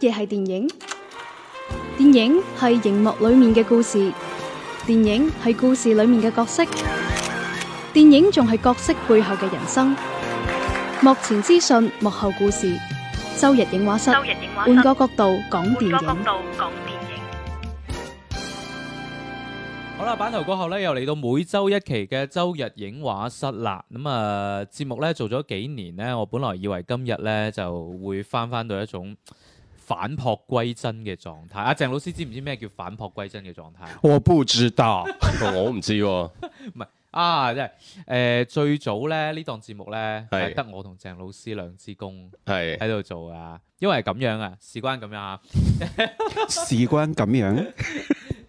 乜嘢係電影？電影係熒幕裏面嘅故事，電影係故事裏面嘅角色，電影仲係角色背後嘅人生。幕前資訊，幕後故事。周日影畫室，換個角度講電影。好啦，版頭過後，呃，呢，又嚟到每周一期嘅周日影畫室啦。咁啊，節目呢做咗幾年呢，我本來以為今日呢就會翻翻到一種。反璞歸真嘅狀態，阿、啊、鄭老師知唔知咩叫反璞歸真嘅狀態？我不知道，我唔知喎。唔係啊，即係誒最早咧呢檔節目咧係得我同鄭老師兩支公係喺度做啊，因為咁樣啊，事關咁樣啊， 事關咁樣誒、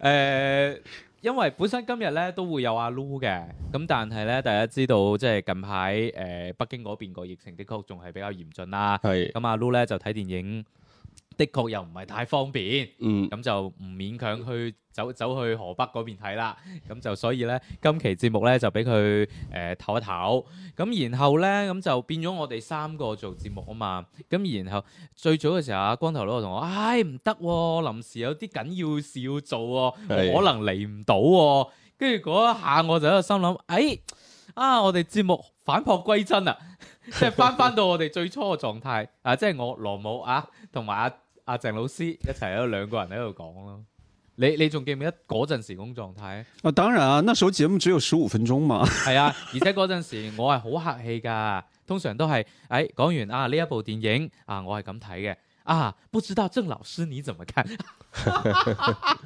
呃，因為本身今日咧都會有阿 Loo 嘅，咁但係咧大家知道即係近排誒、呃、北京嗰邊個疫情的確仲係比較嚴峻啦，係咁是阿 Loo 咧就睇電影。的確又唔係太方便，咁、嗯、就唔勉強去走走去河北嗰邊睇啦。咁就所以咧，今期節目咧就俾佢誒唞一唞。咁然後咧，咁、嗯、就變咗我哋三個做節目啊嘛。咁然後最早嘅時候，阿光頭佬同我話，唉唔得喎，臨時有啲緊要事要做喎、啊，的可能嚟唔到喎。跟住嗰一下我、哎啊，我就喺度心諗，誒啊我哋節目返璞歸真啊，即係返返到我哋最初嘅狀態 啊，即係我羅母啊同埋阿。阿、啊、鄭老師一齊喺兩個人喺度講咯。你你仲記唔記得嗰陣時嗰種狀態？啊，當然啊，那時候節目只有十五分鐘嘛。係 啊，而且嗰陣時我係好客氣㗎，通常都係誒、哎、講完啊呢一部電影啊，我係咁睇嘅啊，不知道鄭老師你怎麼看？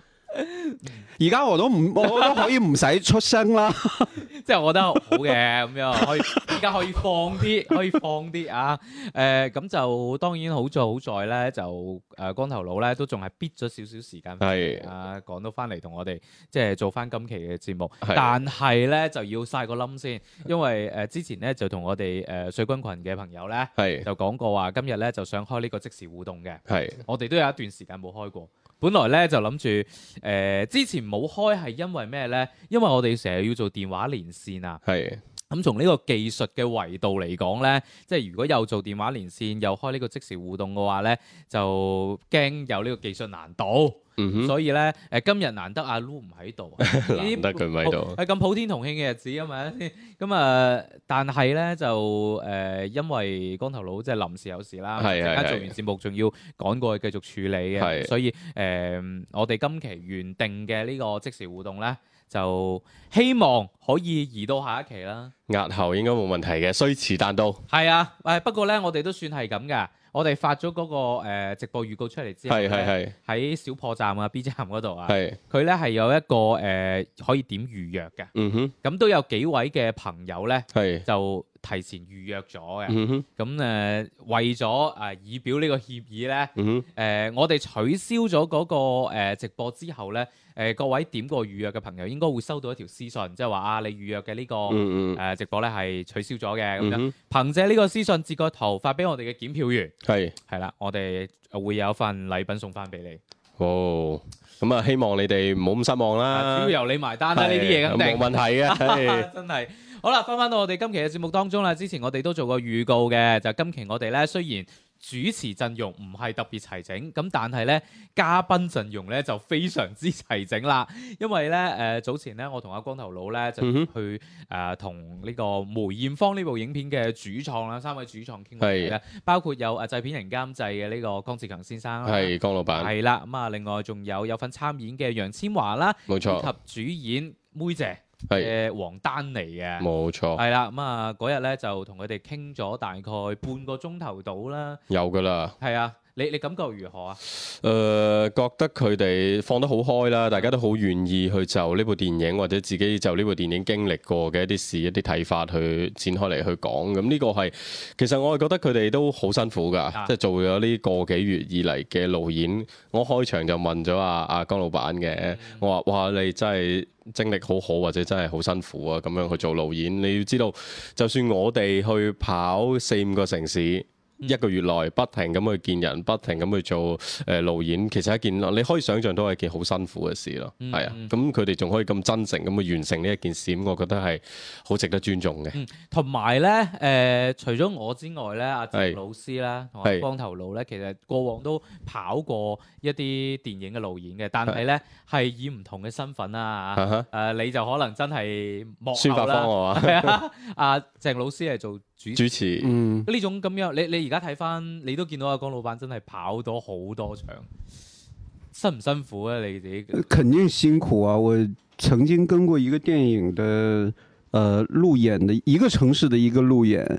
而家我都唔，我都可以唔使出聲啦， 即係我覺得好嘅咁樣， 可以而家可以放啲，可以放啲啊！誒、呃，咁就當然好在好在咧，就誒、呃、光頭佬咧都仲係逼咗少少時間係啊，講是到翻嚟同我哋即係做翻今期嘅節目，是但係咧就要晒個冧先，因為誒之前咧就同我哋誒水軍群嘅朋友咧係是就講過話，今日咧就想開呢個即時互動嘅係，的是我哋都有一段時間冇開過。本來呢，就諗住，誒、呃、之前冇開係因為咩呢？因為我哋成日要做電話連線啊。係的。咁、嗯、從呢個技術嘅維度嚟講呢，即係如果又做電話連線又開呢個即時互動嘅話呢，就驚有呢個技術難度。嗯、所以咧，誒、呃、今日難得阿 Lu 唔喺度，難 得佢唔喺度，係咁普，普天同慶嘅日子啊嘛，咁 啊、嗯呃，但係咧就誒、呃，因為光頭佬即係臨時有事啦，而家做完節目仲要趕過去繼續處理嘅，是是是所以誒、呃，我哋今期原定嘅呢個即時互動咧，就希望可以移到下一期啦。押後應該冇問題嘅，雖遲但到。係啊，誒不過咧，我哋都算係咁㗎。我哋發咗嗰個直播預告出嚟之後，係係係喺小破站啊、B 站嗰度啊，佢咧係有一個誒、呃、可以點預約嘅，咁、嗯、哼 都有幾位嘅朋友咧，就提前預約咗嘅，咁誒、嗯哼 呃、為咗誒、呃、以表個議呢個歉意咧，誒、嗯哼 呃、我哋取消咗嗰、那個、呃、直播之後咧。誒、呃、各位點過預約嘅朋友應該會收到一條私信，即係話啊，你預約嘅呢、這個誒直播咧係取消咗嘅咁樣。嗯、哼憑借呢個私信截個圖發俾我哋嘅檢票員，係係啦，我哋會有一份禮品送翻俾你。哦，咁、嗯、啊，希望你哋唔好咁失望啦。都要由你埋單啦，呢啲嘢肯定冇問題嘅。 真係好啦，翻返到我哋今期嘅節目當中啦，之前我哋都做過預告嘅，就係、是、今期我哋咧雖然，主持陣容唔係特別齊整，咁但係咧嘉賓陣容咧就非常之齊整啦，因為咧誒、呃、早前咧我同阿光頭佬咧就去誒同呢個梅艷芳呢部影片嘅主創啦三位主創傾偈咧，是包括有誒製片人、監製嘅呢個江志強先生，係江老闆，係啦，咁啊另外仲有有份參演嘅楊千嬅啦，冇錯，及主演梅姐。係王丹妮嘅，冇錯。係啦，咁啊嗰日咧就同佢哋傾咗大概半個鐘頭度啦，有㗎啦，係啊。你你感覺如何啊？誒、呃，覺得佢哋放得好開啦，大家都好願意去就呢部電影，或者自己就呢部電影經歷過嘅一啲事、一啲睇法去展開嚟去講。咁、嗯、呢、呢個係其實我係覺得佢哋都好辛苦㗎，即係、啊、做咗呢個幾月以嚟嘅路演。我開場就問咗阿阿江老闆嘅，嗯、我話：哇，你真係精力好好，或者真係好辛苦啊！咁樣去做路演，你要知道，就算我哋去跑四五個城市。一個月內不停咁去見人，不停咁去做誒導演，其實一件你可以想象到係件好辛苦嘅事咯，係啊，咁佢哋仲可以咁真誠咁去完成呢一件事，咁我覺得係好值得尊重嘅。同埋咧，誒除咗我之外咧，阿鄭老師咧同埋光頭佬咧，其實過往都跑過一啲電影嘅導演嘅，但係咧係以唔同嘅身份啊，誒你就可能真係幕後啦，係啊，阿鄭老師係做。主持，呢、嗯、種咁樣，你你而家睇翻，你都見到阿江老闆真係跑咗好多場，辛唔辛苦咧、啊？你自己肯定辛苦啊！我曾經跟過一個電影的，呃，路演的一個城市的一個路演。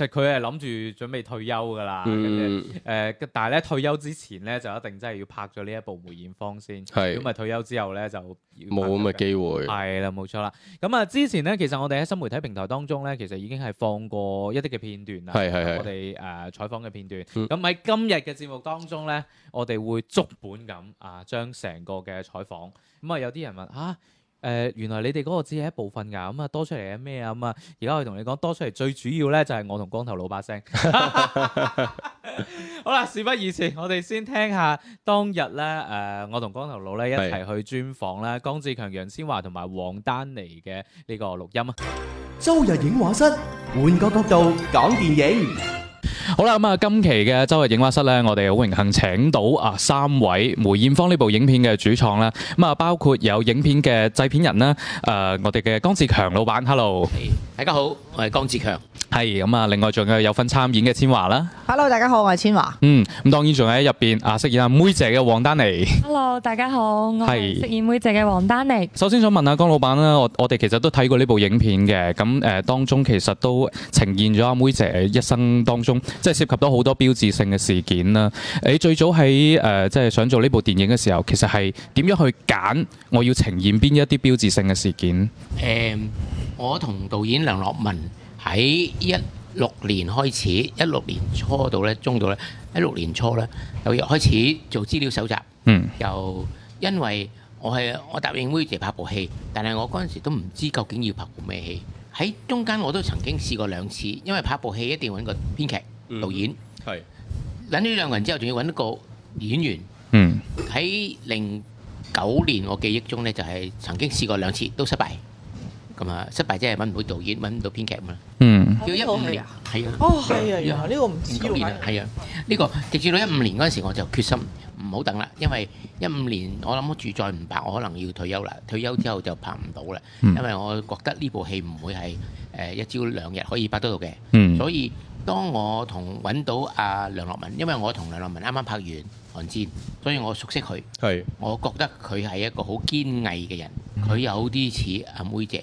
其實佢係諗住準備退休噶啦，誒、嗯呃，但係咧退休之前咧就一定真係要拍咗呢一部梅艷芳先，咁咪是退休之後咧就冇咁嘅機會。係啦，冇錯啦。咁啊，之前咧其實我哋喺新媒體平台當中咧，其實已經係放過一啲嘅片段啦，我哋誒採訪嘅片段。咁喺今日嘅節目當中咧，我哋會足本咁啊將成個嘅採訪。咁啊有啲人問嚇。啊誒、呃、原來你哋嗰個只係一部分㗎，咁啊多出嚟嘅咩啊，咁啊而家我同你講多出嚟最主要咧就係我同光頭佬把聲。 好啦，事不宜遲，我哋先聽下當日咧誒、呃、我同光頭佬咧一齊去專訪咧，江志強、楊千嬅同埋王丹妮嘅呢個錄音啊。周日映畫室換個角度講電影。好啦，咁啊，今期嘅周日映畫室呢，我哋好榮幸請到啊三位梅艷芳呢部影片嘅主創啦。咁啊包括有影片嘅製片人啦，誒，我哋嘅江志強老板，hello，大家好，我係江志強。係咁啊！另外仲有有份參演嘅千嬅啦。Hello，大家好，我係千嬅。嗯，咁當然仲喺入邊啊，飾演阿妹姐嘅王丹妮。Hello，大家好，我係飾演妹姐嘅王丹妮。是首先想問下江老闆啦，我我哋其實都睇過呢部影片嘅，咁誒當中其實都呈現咗阿妹姐一生當中，即係涉及到好多標誌性嘅事件啦。你最早喺誒即係想做呢部電影嘅時候，其實係點樣去揀我要呈現邊一啲標誌性嘅事件？誒、嗯，我同導演梁樂文。喺一六年開始，一六年初到咧中度咧，一六年初咧，又開始做資料蒐集。嗯。又因為我係我答應梅姐拍部戲，但係我嗰陣時都唔知究竟要拍部咩戲。喺中間我都曾經試過兩次，因為拍部戲一定要揾個編劇、導演。係。揾咗兩個人之後，仲要揾一個演員。嗯。喺零九年我記憶中咧，就係曾經試過兩次，都失敗。咁啊，失敗即係揾唔到導演，揾唔到編劇咁啊！嗯，叫一五年，係啊，哦係啊，呢個唔知要埋，係啊，呢個直至到一五年嗰陣時，我就決心唔好等啦，因為一五年我諗住再唔拍，我可能要退休啦。退休之後就拍唔到啦，因為我覺得呢部戲唔會係誒一朝兩日可以拍得到嘅。嗯，所以當我同揾到阿梁樂民，因為我同梁樂民啱啱拍完《寒戰》，所以我熟悉佢。係，我覺得佢係一個好堅毅嘅人，佢有啲似阿梅姐。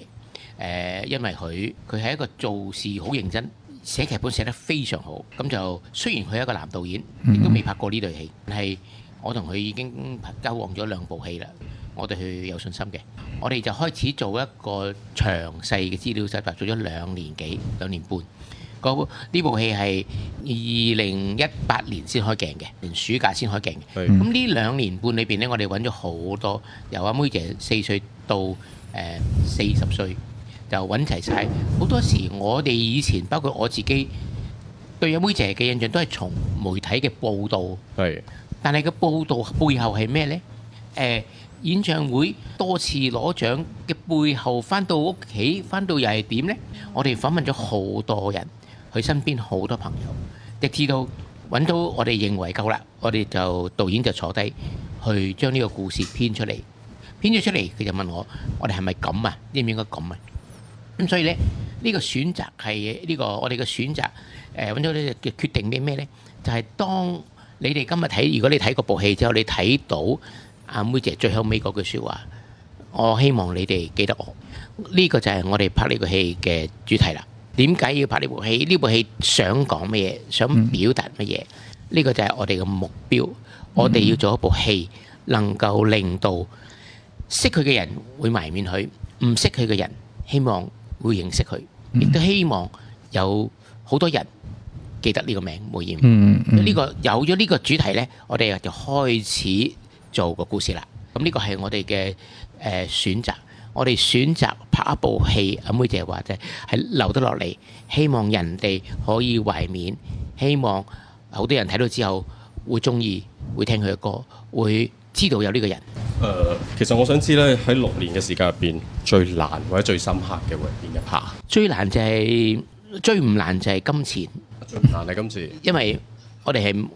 誒，因為佢佢係一個做事好認真，寫劇本寫得非常好。咁就雖然佢係一個男導演，亦都未拍過呢對戲，但係我同佢已經交往咗兩部戲啦。我對佢有信心嘅，我哋就開始做一個詳細嘅資料蒐集，做咗兩年幾、兩年半。個呢部戲係二零一八年先開鏡嘅，連暑假先開鏡嘅。咁呢兩年半裏邊呢，我哋揾咗好多由阿梅姐四歲到誒四十歲。就揾齊曬好多時，我哋以前包括我自己對阿妹姐嘅印象都係從媒體嘅報導係，但係個報導背後係咩呢？誒，演唱會多次攞獎嘅背後，翻到屋企翻到又係點呢？我哋訪問咗好多人，佢身邊好多朋友，直至到揾到我哋認為夠啦，我哋就導演就坐低去將呢個故事編出嚟，編咗出嚟佢就問我：我哋係咪咁啊？應唔應該咁啊？咁所以咧，呢個選擇係呢個我哋嘅選擇，誒揾咗呢個決定啲咩咧？就係當你哋今日睇，如果你睇過部戲之後，你睇到阿妹姐最後尾嗰句説話，我希望你哋記得我。呢個就係我哋拍呢個戲嘅主題啦。點解要拍呢部戲？呢部戲想講乜嘢？想表達乜嘢？呢個就係我哋嘅目標。我哋要做一部戲，能夠令到識佢嘅人會埋怨佢，唔識佢嘅人希望，會認識佢，亦都希望有好多人記得呢個名梅艷芳。呢個有咗呢個主題咧，我哋就開始做個故事啦。咁呢個係我哋嘅誒選擇，我哋選擇拍一部戲。阿妹姐話啫，係留得落嚟，希望人哋可以懷緬，希望好多人睇到之後會中意，會聽佢嘅歌，會。知道有呢個人。誒、呃，其實我想知咧，喺六年嘅時間入邊，最難或者最深刻嘅會係邊一拍？最難就係、是、最唔難就係金錢。最難係金錢，因為我哋係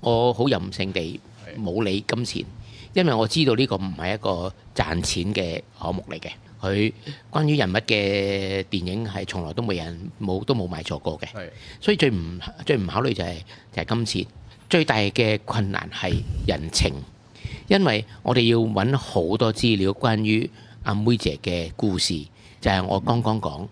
我好任性地冇理金錢，是因為我知道呢個唔係一個賺錢嘅項目嚟嘅。佢關於人物嘅電影係從來都冇人冇都冇賣錯過嘅，是所以最唔最唔考慮就係、是、就係、是、金錢。最大嘅困難係人情。因為我哋要揾好多資料，關於阿妹姐嘅故事，就係我剛剛講，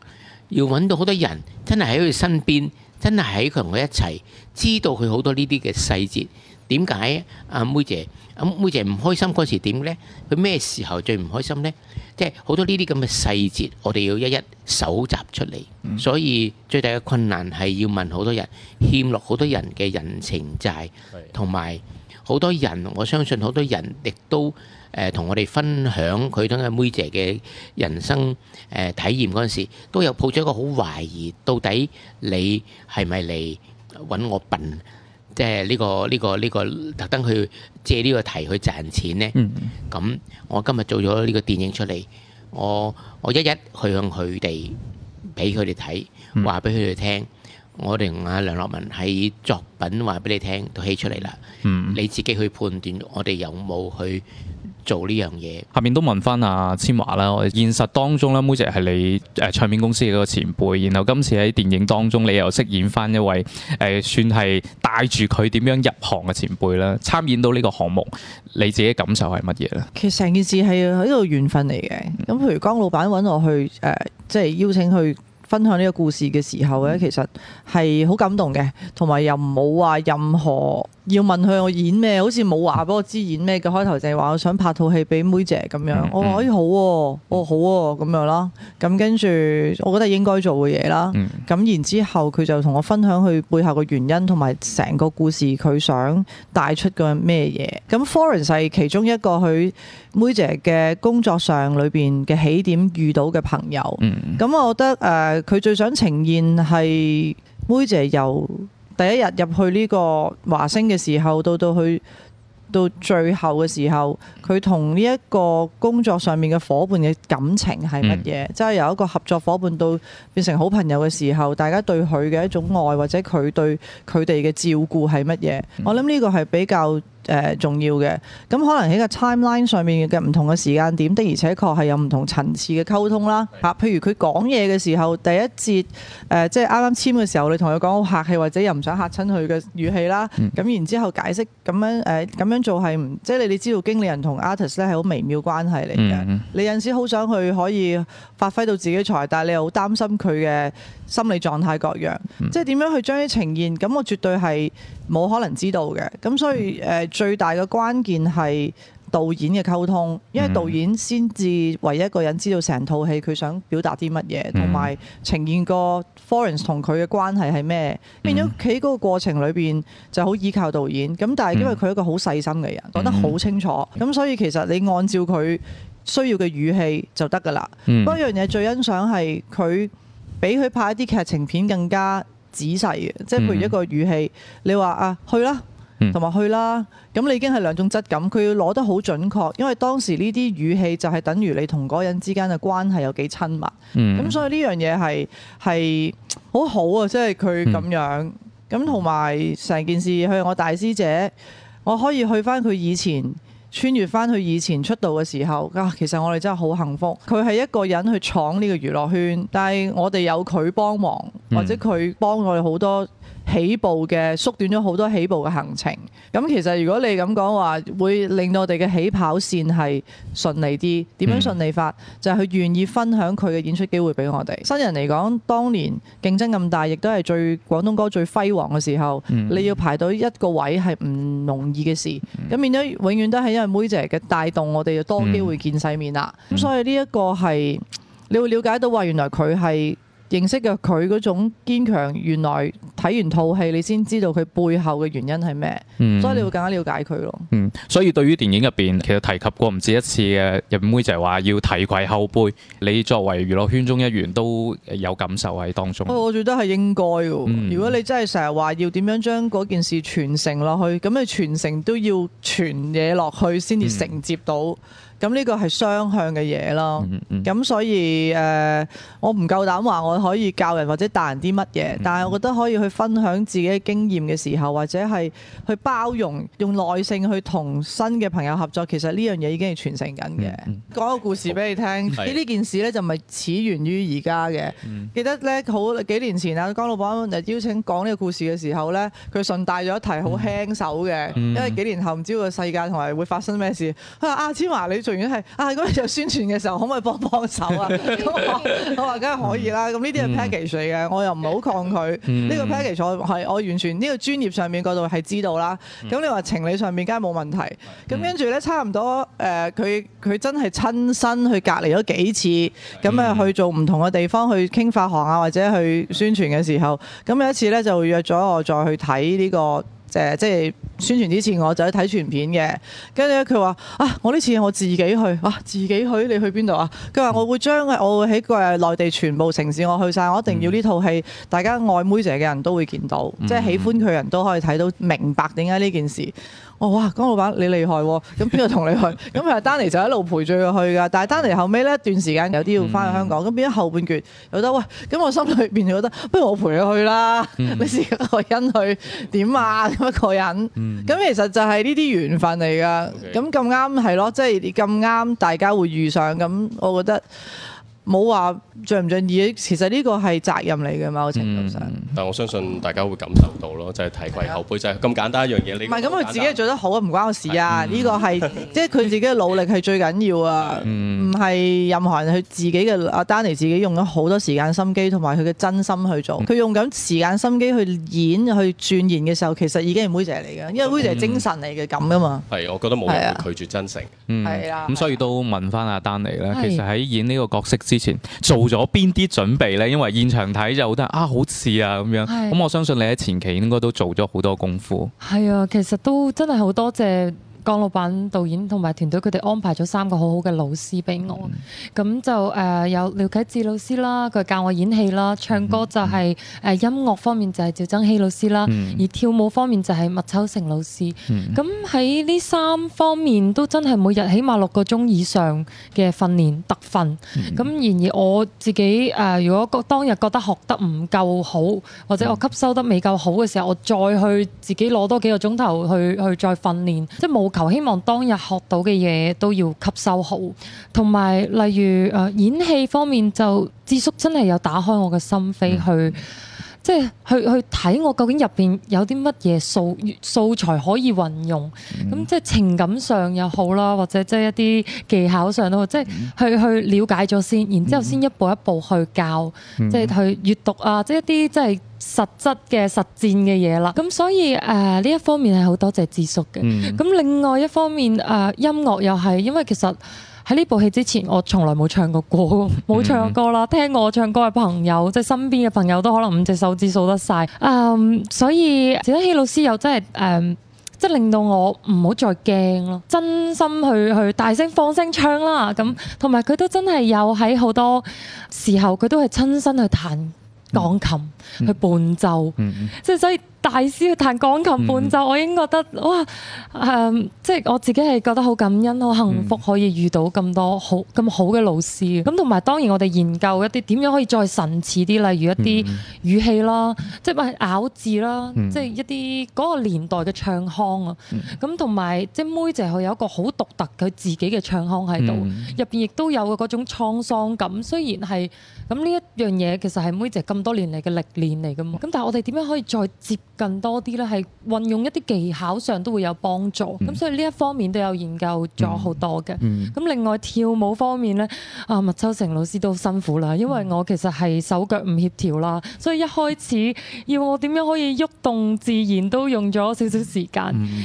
要揾到好多人，真係喺佢身邊，真係喺佢同佢一齊，知道佢好多呢啲嘅細節。點解阿妹姐、阿妹姐唔開心嗰時點呢？佢咩時候最唔開心呢？即係好多呢啲咁嘅細節，我哋要一一搜集出嚟。所以最大嘅困難係要問好多人，欠落好多人嘅人情債，同埋，好多人，我相信好多人亦都誒、呃、同我哋分享佢等阿梅姐嘅人生誒、呃、體驗陣時都有抱咗一個好懷疑，到底你係咪嚟揾我笨？即係呢個呢個呢個特登去借呢個題去賺錢咧？咁、嗯、我今日做咗呢個電影出嚟，我我一一去向佢哋俾佢哋睇，話俾佢哋聽。嗯嗯我哋阿梁洛文喺作品話俾你聽都起出嚟啦，嗯、你自己去判斷，我哋有冇去做呢樣嘢。下面都問翻阿千嬅啦，我哋現實當中咧，梅姐係你誒唱片公司嘅個前輩，然後今次喺電影當中，你又飾演翻一位誒算係帶住佢點樣入行嘅前輩啦，參演到呢個項目，你自己感受係乜嘢咧？其實成件事係喺度緣分嚟嘅，咁譬如江老闆揾我去誒、呃，即係邀請去。分享呢個故事嘅時候咧，其實係好感動嘅，同埋又冇話任何，要問佢我演咩，好似冇話俾我知演咩嘅。開頭就係話我想拍套戲俾妹姐咁樣，我、mm hmm. 哦、可以好喎、啊，哦好喎、啊、咁樣啦。咁跟住我覺得應該做嘅嘢啦。咁、mm hmm. 然之後佢就同我分享佢背後嘅原因同埋成個故事帶，佢想帶出嘅咩嘢。咁、hmm. Florence 係其中一個佢妹姐嘅工作上裏邊嘅起點遇到嘅朋友。咁、mm hmm. 我覺得誒，佢、呃、最想呈現係妹姐由。第一日入去呢個華星嘅時候，到到去到最後嘅時候，佢同呢一個工作上面嘅伙伴嘅感情係乜嘢？即係、嗯、由一個合作伙伴到變成好朋友嘅時候，大家對佢嘅一種愛或者佢對佢哋嘅照顧係乜嘢？嗯、我諗呢個係比較。誒、呃、重要嘅，咁可能喺個 timeline 上面嘅唔同嘅時間點，的而且確係有唔同層次嘅溝通啦。吓、啊，譬如佢講嘢嘅時候，第一節誒、呃、即係啱啱簽嘅時候，你同佢講好客氣，或者又唔想吓親佢嘅語氣啦。咁、嗯、然之後解釋咁樣誒咁、呃、樣做係唔即係你哋知道經理人同 artist 咧，係好微妙關係嚟嘅。嗯嗯，你有陣時好想去可以發揮到自己才，但係你又好擔心佢嘅。心理狀態各樣，嗯、即係點樣去將啲呈現？咁我絕對係冇可能知道嘅。咁所以誒，呃嗯、最大嘅關鍵係導演嘅溝通，因為導演先至唯一一個人知道成套戲佢想表達啲乜嘢，同埋、嗯、呈現個 Florence 同佢嘅關係係咩。嗯、變咗企嗰個過程裏邊就好依靠導演。咁但係因為佢係一個好細心嘅人，講、嗯嗯、得好清楚。咁所以其實你按照佢需要嘅語氣就得㗎啦。嗯、不過一樣嘢最欣賞係佢。俾佢拍一啲劇情片更加仔細嘅，即係譬如一個語氣，你話啊，去啦，同埋去啦，咁你已經係兩種質感。佢要攞得好準確，因為當時呢啲語氣就係等於你同嗰人之間嘅關係有幾親密。咁、嗯、所以呢樣嘢係係好好啊，即係佢咁樣咁同埋成件事佢係我大師姐，我可以去翻佢以前，穿越返去以前出道嘅時候，啊，其實我哋真係好幸福。佢係一個人去闖呢個娛樂圈，但係我哋有佢幫忙，或者佢幫我哋好多。起步嘅縮短咗好多起步嘅行程，咁其實如果你咁講話，會令到我哋嘅起跑線係順利啲。點樣順利法？嗯、就係佢願意分享佢嘅演出機會俾我哋。新人嚟講，當年競爭咁大，亦都係最廣東歌最輝煌嘅時候，嗯、你要排到一個位係唔容易嘅事。咁、嗯、變咗永遠都係因為妹 u s 嘅帶動，我哋就多機會見世面啦。咁、嗯嗯、所以呢一個係你會了解到話，原來佢係。認識嘅佢嗰種堅強，原來睇完套戲你先知道佢背後嘅原因係咩。嗯、所以你會更加了解佢咯。嗯，所以對於電影入邊其實提及過唔止一次嘅日本妹就係話要提攜後輩，你作為娛樂圈中一員都有感受喺當中？我覺得係應該嘅，嗯、如果你真係成日話要點樣將嗰件事傳承落去，咁你傳承都要傳嘢落去先至承接到、嗯。咁呢個係雙向嘅嘢咯，咁、 嗯、所以誒、呃，我唔夠膽話我可以教人或者帶人啲乜嘢， 但係我覺得可以去分享自己嘅經驗嘅時候，或者係去包容、用耐性去同新嘅朋友合作，其實呢樣嘢已經係傳承緊嘅。講 個故事俾你聽，呢 件事呢就唔係始源於而家嘅。 記得呢好幾年前啊，江老闆邀請講呢個故事嘅時候呢，佢順帶咗一提好輕手嘅，因為幾年後唔知個世界同埋會發生咩事。佢話：阿千嬅你。啊啊你仲要係啊！咁佢宣傳嘅時候，可唔可以幫幫手啊？ 嗯、我話：我話梗係可以啦。咁呢啲係 package 嚟嘅，我又唔係好抗拒呢、嗯、個 package。我係我完全呢、呢個專業上面嗰度係知道啦。咁你話情理上面梗係冇問題。咁跟住咧，差唔多誒，佢、呃、佢真係親身去隔離咗幾次，咁誒去做唔同嘅地方去傾發行啊，或者去宣傳嘅時候，咁有一次咧就約咗我再去睇呢、呢個。誒，即係宣傳之前我就去睇全片嘅，跟住咧佢話啊，我呢次我自己去，啊自己去，你去邊度啊？佢話我會將我會喺內地全部城市我去晒。我一定要呢套戲，嗯、大家愛梅姐嘅人都會見到，嗯、即係喜歡佢人都可以睇到，明白點解呢件事。我、哦、哇，江老闆，你厲害喎、哦！咁邊個同你去？咁其實丹尼就一路陪住佢去㗎。但係丹尼後尾呢一段時間有啲要翻去香港，咁、嗯、變咗後半段有得喂。咁我心裏邊就覺得不如我陪佢去啦，嗯、 你試一個人去點啊？咁一個人，咁、嗯、其實就係呢啲緣分嚟㗎。咁咁啱係咯，即係咁啱大家會遇上。咁我覺得。冇話盡唔盡意，其實呢個係責任嚟嘅嘛，情感上。但我相信大家會感受到咯，就係提攜後輩，就係咁簡單一樣嘢。你唔係咁佢自己係做得好啊，唔關我事啊！呢個係即係佢自己嘅努力係最緊要啊，唔係任何人去自己嘅，阿丹尼自己用咗好多時間心機同埋佢嘅真心去做，佢用緊時間心機去演去鑽研嘅時候，其實已經係梅姐嚟嘅，因為梅姐精神嚟嘅噉吖嘛。係，我覺得冇人會拒絕真誠。嗯，係啦。咁所以都問翻阿丹尼啦。其實喺演呢個角色之前做咗邊啲準備呢？因為現場睇就好多人啊，好似啊咁樣。咁是我相信你喺前期應該都做咗好多功夫。係啊，其實都真係好多謝。江老闆、導演同埋團隊，佢哋安排咗三個好好嘅老師俾我，咁、mm hmm. 就誒有廖啟智老師啦，佢教我演戲啦、唱歌就係、是、誒、mm hmm. 音樂方面就係趙增熹老師啦，mm hmm. 而跳舞方面就係麥秋成老師。咁喺呢三方面都真係每日起碼六個鐘以上嘅訓練特訓。咁、mm hmm. 然而我自己誒、呃，如果當日覺得學得唔夠好，或者我吸收得未夠好嘅時候，我再去自己攞多幾個鐘頭去去再訓練，即係冇。求希望當日學到嘅嘢都要吸收好，同埋例如誒演戲方面就智叔真係有打開我嘅心扉去。即係去去睇我究竟入邊有啲乜嘢素素材可以運用，咁、mm hmm. 即係情感上又好啦，或者即係一啲技巧上都好，即係去去了解咗先，然之後先一步一步去教，mm hmm. 即係去閱讀啊，即係一啲即係實質嘅實踐嘅嘢啦。咁所以誒呢一方面係好多謝智叔嘅，咁、mm hmm. 另外一方面誒、呃、音樂又係，因為其實。喺呢部戲之前，我從來冇唱，唱過歌，冇唱過歌啦。聽我唱歌嘅朋友，即係身邊嘅朋友都可能五隻手指數得晒。嗯， um, 所以謝欣希老師又真係，誒、um，即係令到我唔好再驚咯。真心去去大聲放聲唱啦。咁同埋佢都真係有喺好多時候，佢都係親身去彈鋼琴 去伴奏。即係 所以。所以大師去彈鋼琴伴奏，嗯、我已經覺得哇，嗯、即係我自己係覺得好感恩、好幸福，可以遇到咁多好、咁、嗯、好嘅老師。咁同埋當然我哋研究一啲點樣可以再神似啲，例如一啲語氣啦，嗯、即係咬字啦，嗯、即係一啲嗰個年代嘅唱腔啊。咁同埋即係妹姐佢有一個好獨特佢自己嘅唱腔喺度，入邊亦都有嘅嗰種滄桑感。雖然係咁呢一樣嘢，其實係妹姐咁多年嚟嘅歷練嚟嘅嘛。咁但係我哋點樣可以再接，更多啲咧，係運用一啲技巧上都會有幫助，咁、嗯、所以呢一方面都有研究咗好多嘅。咁、嗯、另外跳舞方面咧，啊麥秋成老師都辛苦啦，因為我其實係手腳唔協調啦，所以一開始要我點樣可以喐動，動，自然都用咗少少時間。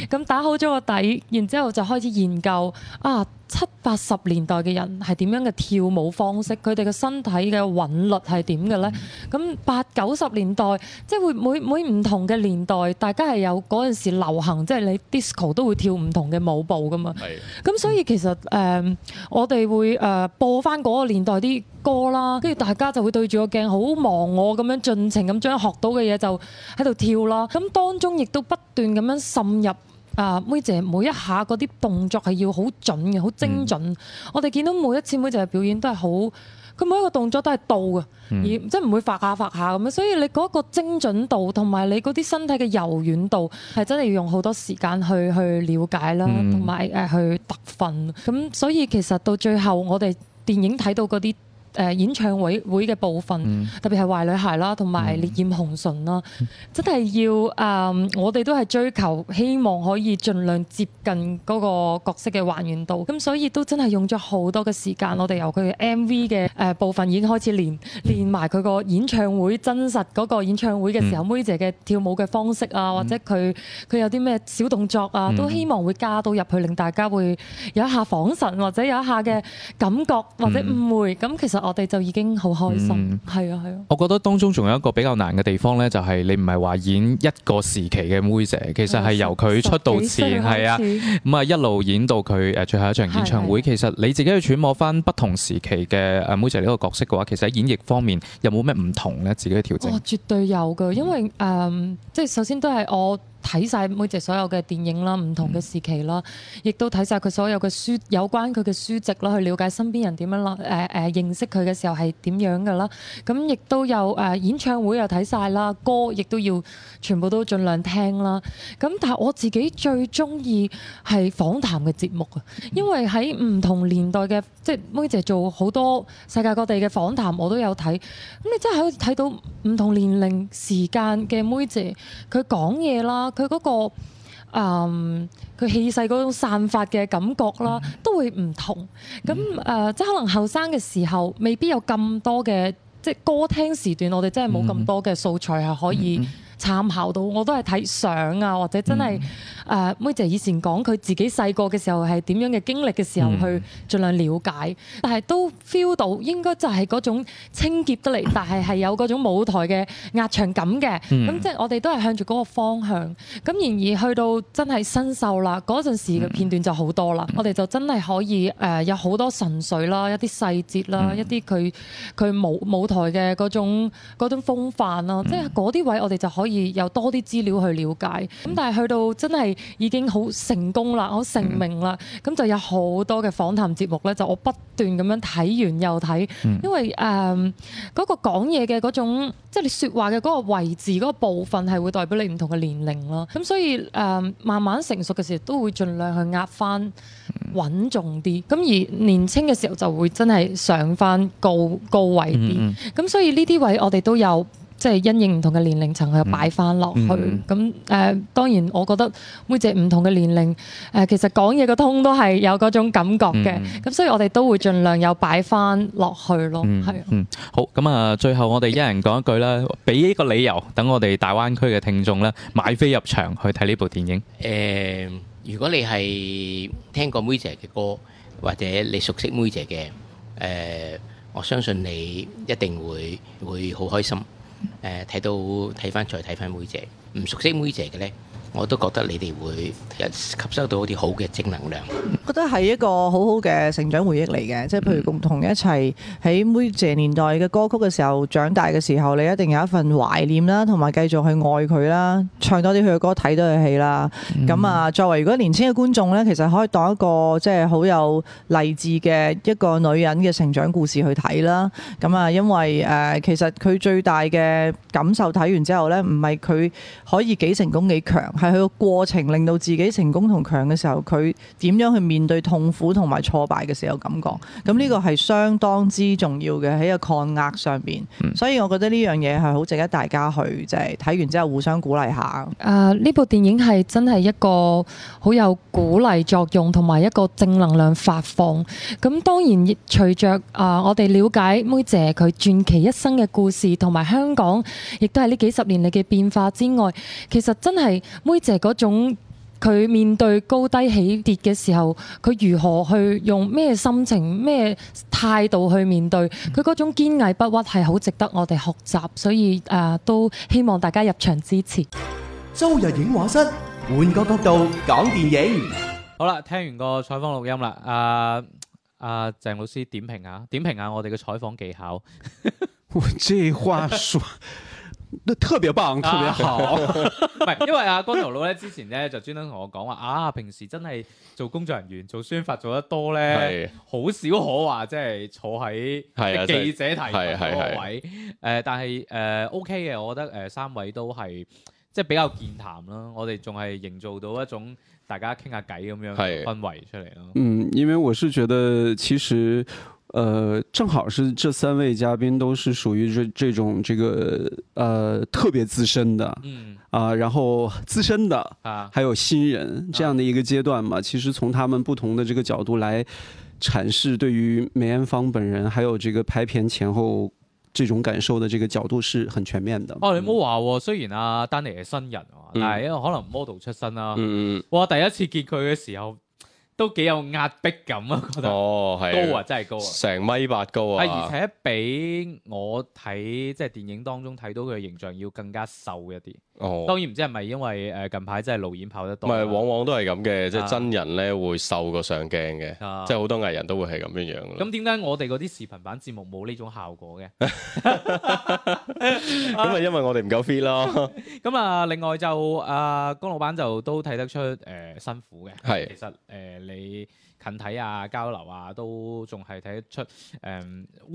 咁、嗯、打好咗個底，然之後就開始研究啊。七八十年代嘅人係點樣嘅跳舞方式？佢哋嘅身體嘅韻律係點嘅咧？咁、嗯、八九十年代即係會每每唔同嘅年代，大家係有嗰陣時流行，即係你 disco 都會跳唔同嘅舞步噶嘛。係。咁所以其實誒、呃、我哋會誒播翻嗰個年代啲歌啦，跟住大家就會對住個鏡好望我咁樣盡情咁將學到嘅嘢就喺度跳啦。咁當中亦都不斷咁樣滲入。啊梅姐每一下嗰啲動作係要好準嘅，好精準。嗯、我哋見到每一次梅姐嘅表演都係好，佢每一個動作都係到嘅，嗯、而即係唔會發下發下咁樣。所以你嗰個精準度同埋你嗰啲身體嘅柔軟度係真係要用好多時間去去了解啦，同埋誒去特訓。咁所以其實到最後我哋電影睇到嗰啲。誒演唱會會嘅部分，嗯、特別係壞女孩啦，同埋烈焰紅唇啦，嗯、真係要誒、嗯，我哋都係追求希望可以盡量接近個角色嘅還原度，咁所以都真係用咗好多嘅時間，我哋由佢嘅 M V 嘅誒部分已經開始練練埋佢個演唱會真實個演唱會嘅時候，嗯、梅姐嘅跳舞嘅方式啊，或者佢佢有啲咩小動作啊，嗯、都希望會加到入去，令大家會有一下仿神或者有一下嘅感覺或者誤會咁其實。我哋就已經好開心，係啊係啊！我覺得當中仲有一個比較難嘅地方呢，就係你唔係話演一個時期嘅梅姐，其實係由佢出道前係啊，咁啊一路演到佢誒最後一場演唱會。的其實你自己去揣摩返不同時期嘅誒梅姐呢個角色嘅話，其實喺演繹方面有冇咩唔同呢？自己去調整。我、哦、絕對有嘅，因為誒、嗯，即係首先都係我。睇晒妹姐所有嘅電影啦，唔同嘅時期啦，亦、嗯、都睇晒佢所有嘅書，有關佢嘅書籍啦，去了解身邊人點樣啦，誒、呃、誒、呃、認識佢嘅時候係點樣嘅啦。咁亦都有誒演唱會又睇晒啦，歌亦都要全部都盡量聽啦。咁但係我自己最中意係訪談嘅節目啊，因為喺唔同年代嘅即係妹姐做好多世界各地嘅訪談我都有睇。咁你真係可以睇到唔同年齡時間嘅妹姐，佢講嘢啦。佢嗰個誒，嗯，佢氣勢嗰種散發嘅感覺啦，都會唔同。咁誒，呃，即係可能後生嘅時候，未必有咁多嘅即係歌廳時段，我哋真係冇咁多嘅素材係可以。嗯參考到我都係睇相啊，或者真係誒、嗯呃、梅姐以前講佢自己細個嘅時候係點樣嘅經歷嘅時候、嗯、去盡量了解，但係都 feel 到應該就係嗰種清潔得嚟，但係係有嗰種舞台嘅壓場感嘅。咁、嗯、即係我哋都係向住嗰個方向。咁然而去到真係新秀啦，嗰陣時嘅片段就好多啦。嗯、我哋就真係可以誒有好多純粹啦，一啲細節啦，嗯、一啲佢佢舞舞台嘅嗰種嗰種風範囉，即係嗰啲位我哋就可以。而有多啲資料去了解，咁但係去到真係已經好成功啦，好成名啦，咁、嗯、就有好多嘅訪談節目咧，就我不斷咁樣睇完又睇，因為誒嗰、呃那個講嘢嘅嗰種，即係你説話嘅嗰個位置嗰個部分係會代表你唔同嘅年齡咯。咁所以誒、呃、慢慢成熟嘅時候都會盡量去壓翻穩重啲，咁而年輕嘅時候就會真係上翻高高位啲。咁、嗯嗯、所以呢啲位我哋都有。即係因應唔同嘅年齡層，去擺翻落去。咁誒，當然我覺得梅姐唔同嘅年齡誒，其實講嘢個通都係有嗰種感覺嘅。咁所以我哋都會盡量有擺翻落去咯。係。嗯，好。咁啊，最後我哋一人講一句啦，俾一個理由，等我哋大灣區嘅聽眾咧買飛入場去睇呢部電影。誒，如果你係聽過梅姐嘅歌，或者你熟悉梅姐嘅，誒，我相信你一定會會好開心。誒、睇、呃、到睇翻再睇翻梅姐，唔熟悉梅姐嘅咧。我都覺得你哋會吸收到啲好嘅正能量， 覺得係一個好好嘅成長回憶嚟嘅。即係譬如共同一齊喺梅姐年代嘅歌曲嘅時候長大嘅時候，你一定有一份懷念啦，同埋繼續去愛佢啦，唱多啲佢嘅歌，睇多佢嘅戲啦。咁啊， 作為如果年輕嘅觀眾呢，其實可以當一個即係好有勵志嘅一個女人嘅成長故事去睇啦。咁啊，因為誒、呃、其實佢最大嘅感受睇完之後呢，唔係佢可以幾成功幾強。係佢個過程令到自己成功同強嘅時候，佢點樣去面對痛苦同埋挫敗嘅時候感覺？咁呢個係相當之重要嘅喺一個抗壓上面。所以，我覺得呢樣嘢係好值得大家去就係、是、睇完之後互相鼓勵下。誒、啊，呢部電影係真係一個好有鼓勵作用同埋一個正能量發放。咁當然，隨着誒、啊、我哋了解梅姐佢傳奇一生嘅故事，同埋香港亦都係呢幾十年嚟嘅變化之外，其實真係。梅姐嗰種佢面對高低起跌嘅時候，佢如何去用咩心情、咩態度去面對？佢嗰種堅毅不屈係好值得我哋學習，所以誒、啊、都希望大家入場支持。周日影畫室，換個角度講電影。好啦，聽完個採訪錄音啦，阿阿鄭老師點評下，點評下我哋嘅採訪技巧。我這話說。特別棒，啊、特別好。 因為阿光頭佬咧，之前咧就專登同我講話 啊，平時真係做工作人員、做宣發做得多咧，的好少可話即係坐喺記者提問嗰位。但係誒，O K 嘅，我覺得誒、呃，三位都係即係比較健談啦。我哋仲係營造到一種大家傾下偈咁樣嘅氛圍出嚟咯。嗯，因為我是覺得其實。呃，正好是這三位嘉賓都是屬於這這種這個呃特別資深的，啊、嗯呃，然後資深的啊，還有新人這樣的一個階段嘛。啊、其實從他們不同的這個角度來闡釋對於梅艷芳本人，還有這個拍片前後這種感受的這個角度是很全面的。哦，你唔好話喎，嗯、雖然啊丹妮係新人，但係因為可能 model 出身啦，嗯嗯，哇，第一次見佢嘅時候，都幾有壓迫感啊！覺得哦，係高啊，真係高啊，成米八高啊！而且比我睇即係電影當中睇到佢嘅形象要更加瘦一啲。哦，當然唔知係咪因為誒近排真係路演跑得多，唔係往往都係咁嘅，啊、即係真人咧會瘦過上鏡嘅，啊、即係好多藝人都會係咁樣樣。咁點解我哋嗰啲視頻版節目冇呢種效果嘅？咁 啊，啊因為我哋唔夠 fit 咯。咁啊，另外就阿、啊、江老闆就都睇得出誒、呃、辛苦嘅。係是，其實誒、呃、你。近睇啊，交流啊，都仲係睇得出，誒、呃、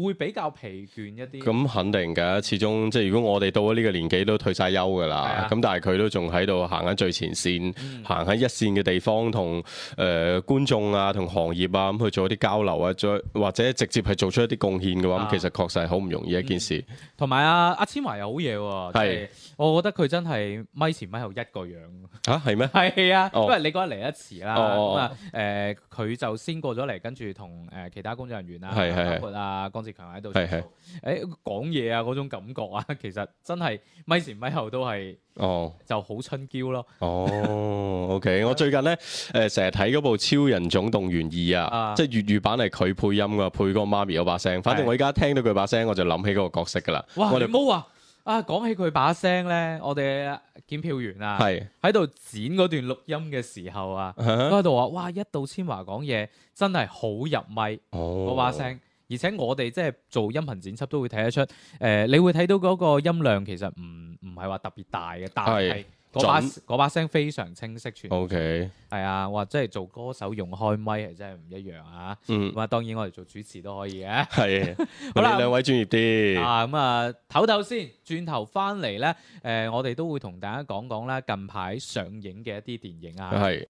會比較疲倦一啲。咁肯定嘅，始終即係如果我哋到咗呢個年紀都退晒休噶啦，咁、嗯、但係佢都仲喺度行緊最前綫，行喺一綫嘅地方，同誒、right uh, 觀眾啊，同行業啊，咁去做一啲交流啊，再或者直接係做出一啲貢獻嘅話咁、啊、其實確實係好唔容易、嗯、一件事。同埋阿阿千嬅又好嘢喎，係、啊，我覺得佢真係咪前咪後一個樣吓係咩？係啊，因為你嗰日嚟得遲啦，誒佢。就先過咗嚟，跟住同誒其他工作人員啊，是是是包括阿江志強喺度。係係。誒講嘢啊，嗰、欸啊、種感覺啊，其實真係咪前咪後都係哦，就好春嬌咯。哦，OK， 我最近咧誒成日睇嗰部《超人總動員二》啊，啊即係粵語版係佢配音㗎，配嗰個媽咪嗰把聲。是是反正我而家聽到佢把聲，我就諗起嗰個角色㗎啦。哇，元彪啊！哇啊，講起佢把聲呢，我哋檢票員啊，喺度是剪嗰段錄音嘅時候啊，都喺度話：哇，一到千嬅講嘢真係好入咪，嗰把、oh. 聲，而且我哋即係做音頻剪輯都會睇得出、呃，你會睇到嗰個音量其實唔唔係話特別大嘅，但係，嗰把準把聲非常清晰，全 OK 係啊，或者係做歌手用開咪，係真係唔一樣啊，嗯。哇，當然我哋做主持都可以嘅、啊，係的。 好啦，兩位專業啲啊。咁啊，唞唞先，轉頭翻嚟咧，誒、呃，我哋都會同大家講講啦，近排上映嘅一啲電影啊。係。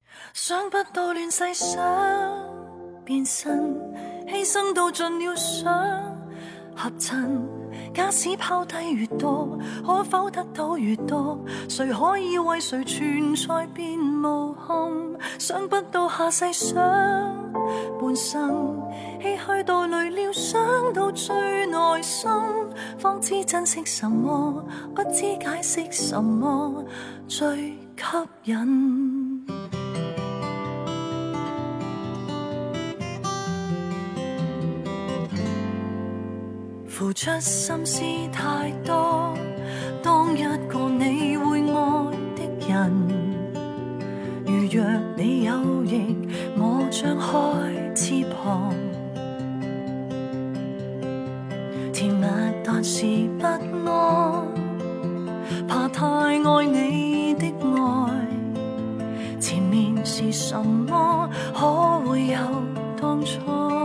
假使拋低越多，可否得到越多？誰可以為誰存在便無憾？想不到下世想半生，唏噓到累了，想到最內心，方知珍惜什麼，不知解釋什麼最吸引。付出心思太多，當一個你會愛的人。如若你有翼，我張開翅膀。甜蜜但是不安，怕太愛你的愛。前面是什麼？可會有當初？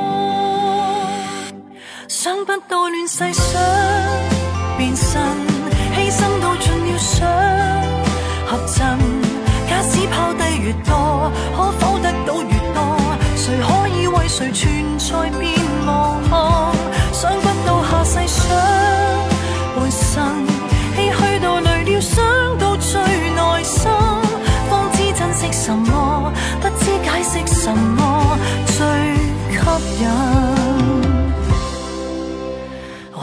想不到亂世想變身，犧牲到盡了想合襯。假使拋低越多，可否得到越多？誰可以為誰存在變無憾？想不到下世想半生，唏噓到累了想到最內心，方知珍惜什麼，不知解釋什麼最吸引。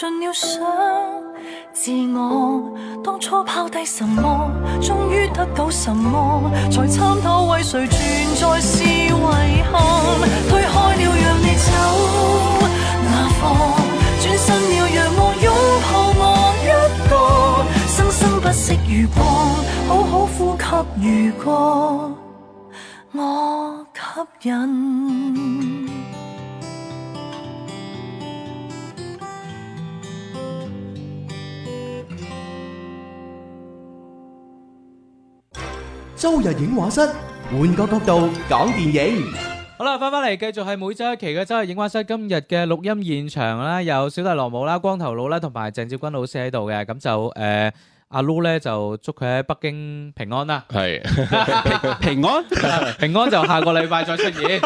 盡了想自我，當初拋低什麼，終於得到什麼，才參透為誰存在是遺憾。推開了讓你走，那方轉身了讓我擁抱我一個，生生不息如波，好好呼吸如歌，我吸引。周日映畫室換個角度講電影，好啦，翻翻嚟繼續係每周一期嘅周日映畫室，今日嘅錄音現場啦，有小弟羅姆啦、光頭佬啦，同埋鄭照君老師喺度嘅，咁就誒阿 Lu 咧就祝佢喺北京平安啦，係平安平安就下個禮拜再出現。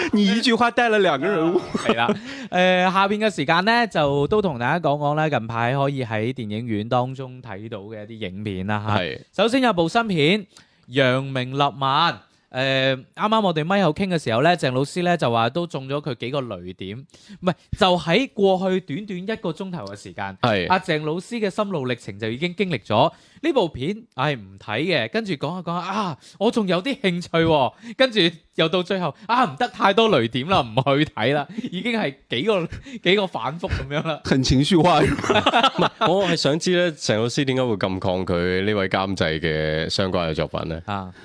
你一句話帶了兩個人物，係 啦、嗯嗯，下面嘅時間呢，就都同大家講講近排可以喺電影院當中睇到嘅一啲影片啦，是首先有部新片《揚名立萬》。誒，啱啱、呃、我哋咪後傾嘅時候咧，鄭老師咧就話都中咗佢幾個雷點，唔係就喺過去短短一個鐘頭嘅時間，阿鄭、 啊、老師嘅心路歷程就已經經歷咗呢部片，唉唔睇嘅，跟住講下講下啊，我仲有啲興趣、哦，跟住又到最後啊，唔得太多雷點啦，唔去睇啦，已經係幾個幾個反覆咁樣啦。 很情緒化 我係想知咧，鄭老師點解會咁抗拒呢位監製嘅相關嘅作品咧？啊！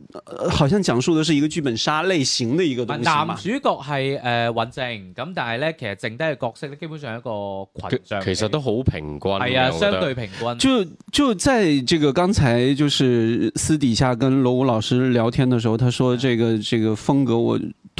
呃、好像講述的是一個劇本殺類型的一個東西嘛。男主角係誒尹正咁，但係咧其實剩低嘅角色咧基本上一個群像，其實都好平均。係啊，相對平均。就就在這個剛才就是私底下跟羅武老師聊天的時候，他說這個這個風格我。嗯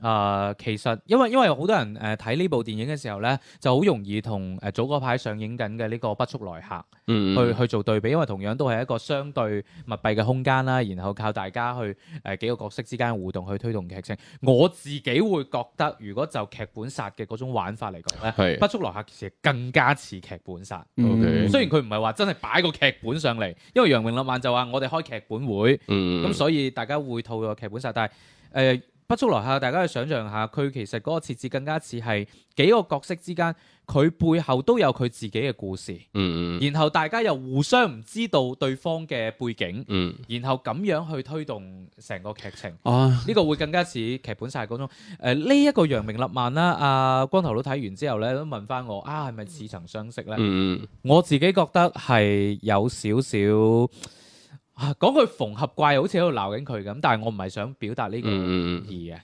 啊、呃，其實因為因為好多人誒睇呢部電影嘅時候呢，就好容易同誒、呃、早嗰排上映緊嘅呢個不速來客去，嗯、去，去做對比，因為同樣都係一個相對密閉嘅空間啦，然後靠大家去誒、呃、幾個角色之間互動去推動劇情。我自己會覺得，如果就劇本殺嘅嗰種玩法嚟講呢，是《不速來客其實更加似劇本殺。嗯、okay, 雖然佢唔係話真係擺個劇本上嚟，因為揚名立萬就話我哋開劇本會，咁所以大家會套個劇本殺，但係誒。嗯嗯嗯嗯嗯嗯不足來下，大家去想象下，佢其實嗰個設置更加似係幾個角色之間，佢背後都有佢自己嘅故事。嗯嗯。然後大家又互相唔知道對方嘅背景。嗯。然後咁樣去推動成個劇情。哦。呢個會更加似劇本殺嗰種。呢、呃、一、這個《揚名立萬》啦、呃，阿光頭佬睇完之後咧都問翻我，啊，係咪似曾相識咧？嗯嗯。我自己覺得係有少少。啊，講句縫合怪好似喺度鬧緊佢咁，但係我唔係想表達呢個意義。喺呢、嗯嗯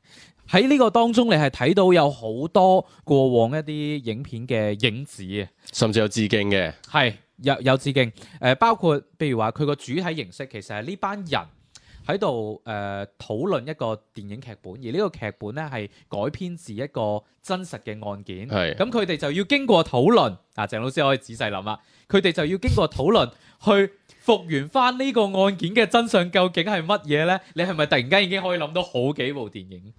嗯、個當中，你係睇到有好多過往一啲影片嘅影子啊，甚至有致敬嘅，係有有致敬。誒、呃，包括譬如話佢個主體形式，其實係呢班人。喺度誒討論一個電影劇本，而呢個劇本咧係改編自一個真實嘅案件。係是，咁佢哋就要經過討論。啊、呃，鄭老師可以仔細諗啦，佢哋就要經過討論去復原翻呢個案件嘅真相究竟係乜嘢咧？你係咪突然間已經可以諗到好幾部電影？誒、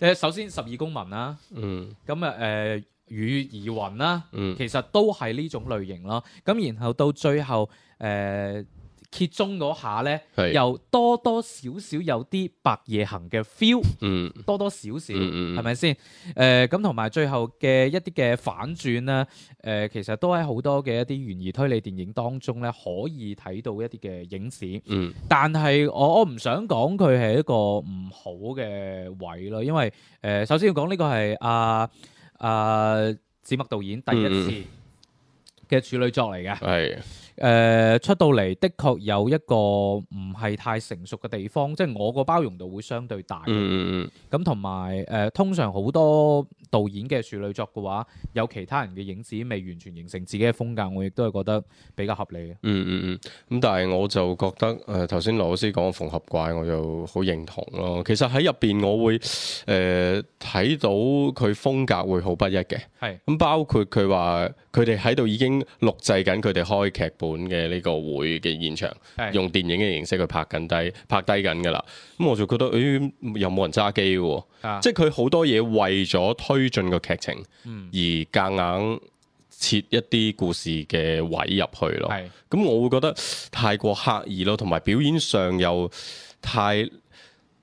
呃，首先《十二公民》啦、啊，嗯，咁啊誒《雨兒雲、啊》啦、嗯，其實都係呢種類型咯。咁然後到最後誒。呃揭盅嗰下呢，是又多多少少有啲白夜行嘅 feel、嗯、多多少少，係咪先？誒咁同埋最後嘅一啲嘅反轉呢，誒、呃、其實都喺好多嘅一啲懸疑推理電影當中呢，可以睇到一啲嘅影子。嗯，但係我我唔想講佢係一個唔好嘅位咯，因為誒、呃，首先要講呢個係阿阿子墨導演第一次嘅處女作嚟嘅。係、嗯。嗯嗯嗯誒、呃、出到嚟的確有一個唔係太成熟嘅地方，即、就、係、是、我個包容度會相對大，咁同埋誒通常好多，導演嘅處女作嘅話，有其他人嘅影子未完全形成自己嘅風格，我亦都係覺得比較合理嘅、嗯。嗯嗯嗯，咁但係我就覺得，誒頭先羅老師講嘅縫合怪，我就好認同咯。其實喺入邊，我會誒睇、呃、到佢風格會好不一嘅。係是，咁包括佢話佢哋喺度已經錄製緊佢哋開劇本嘅呢個會嘅現場，是用電影嘅形式去拍緊低拍低緊㗎啦。咁我就覺得咦，又冇人揸機喎，的即係佢好多嘢為咗推。推進個劇情，而夾硬設一啲故事嘅位入去咯，咁是我會覺得太過刻意咯，同埋表演上又太。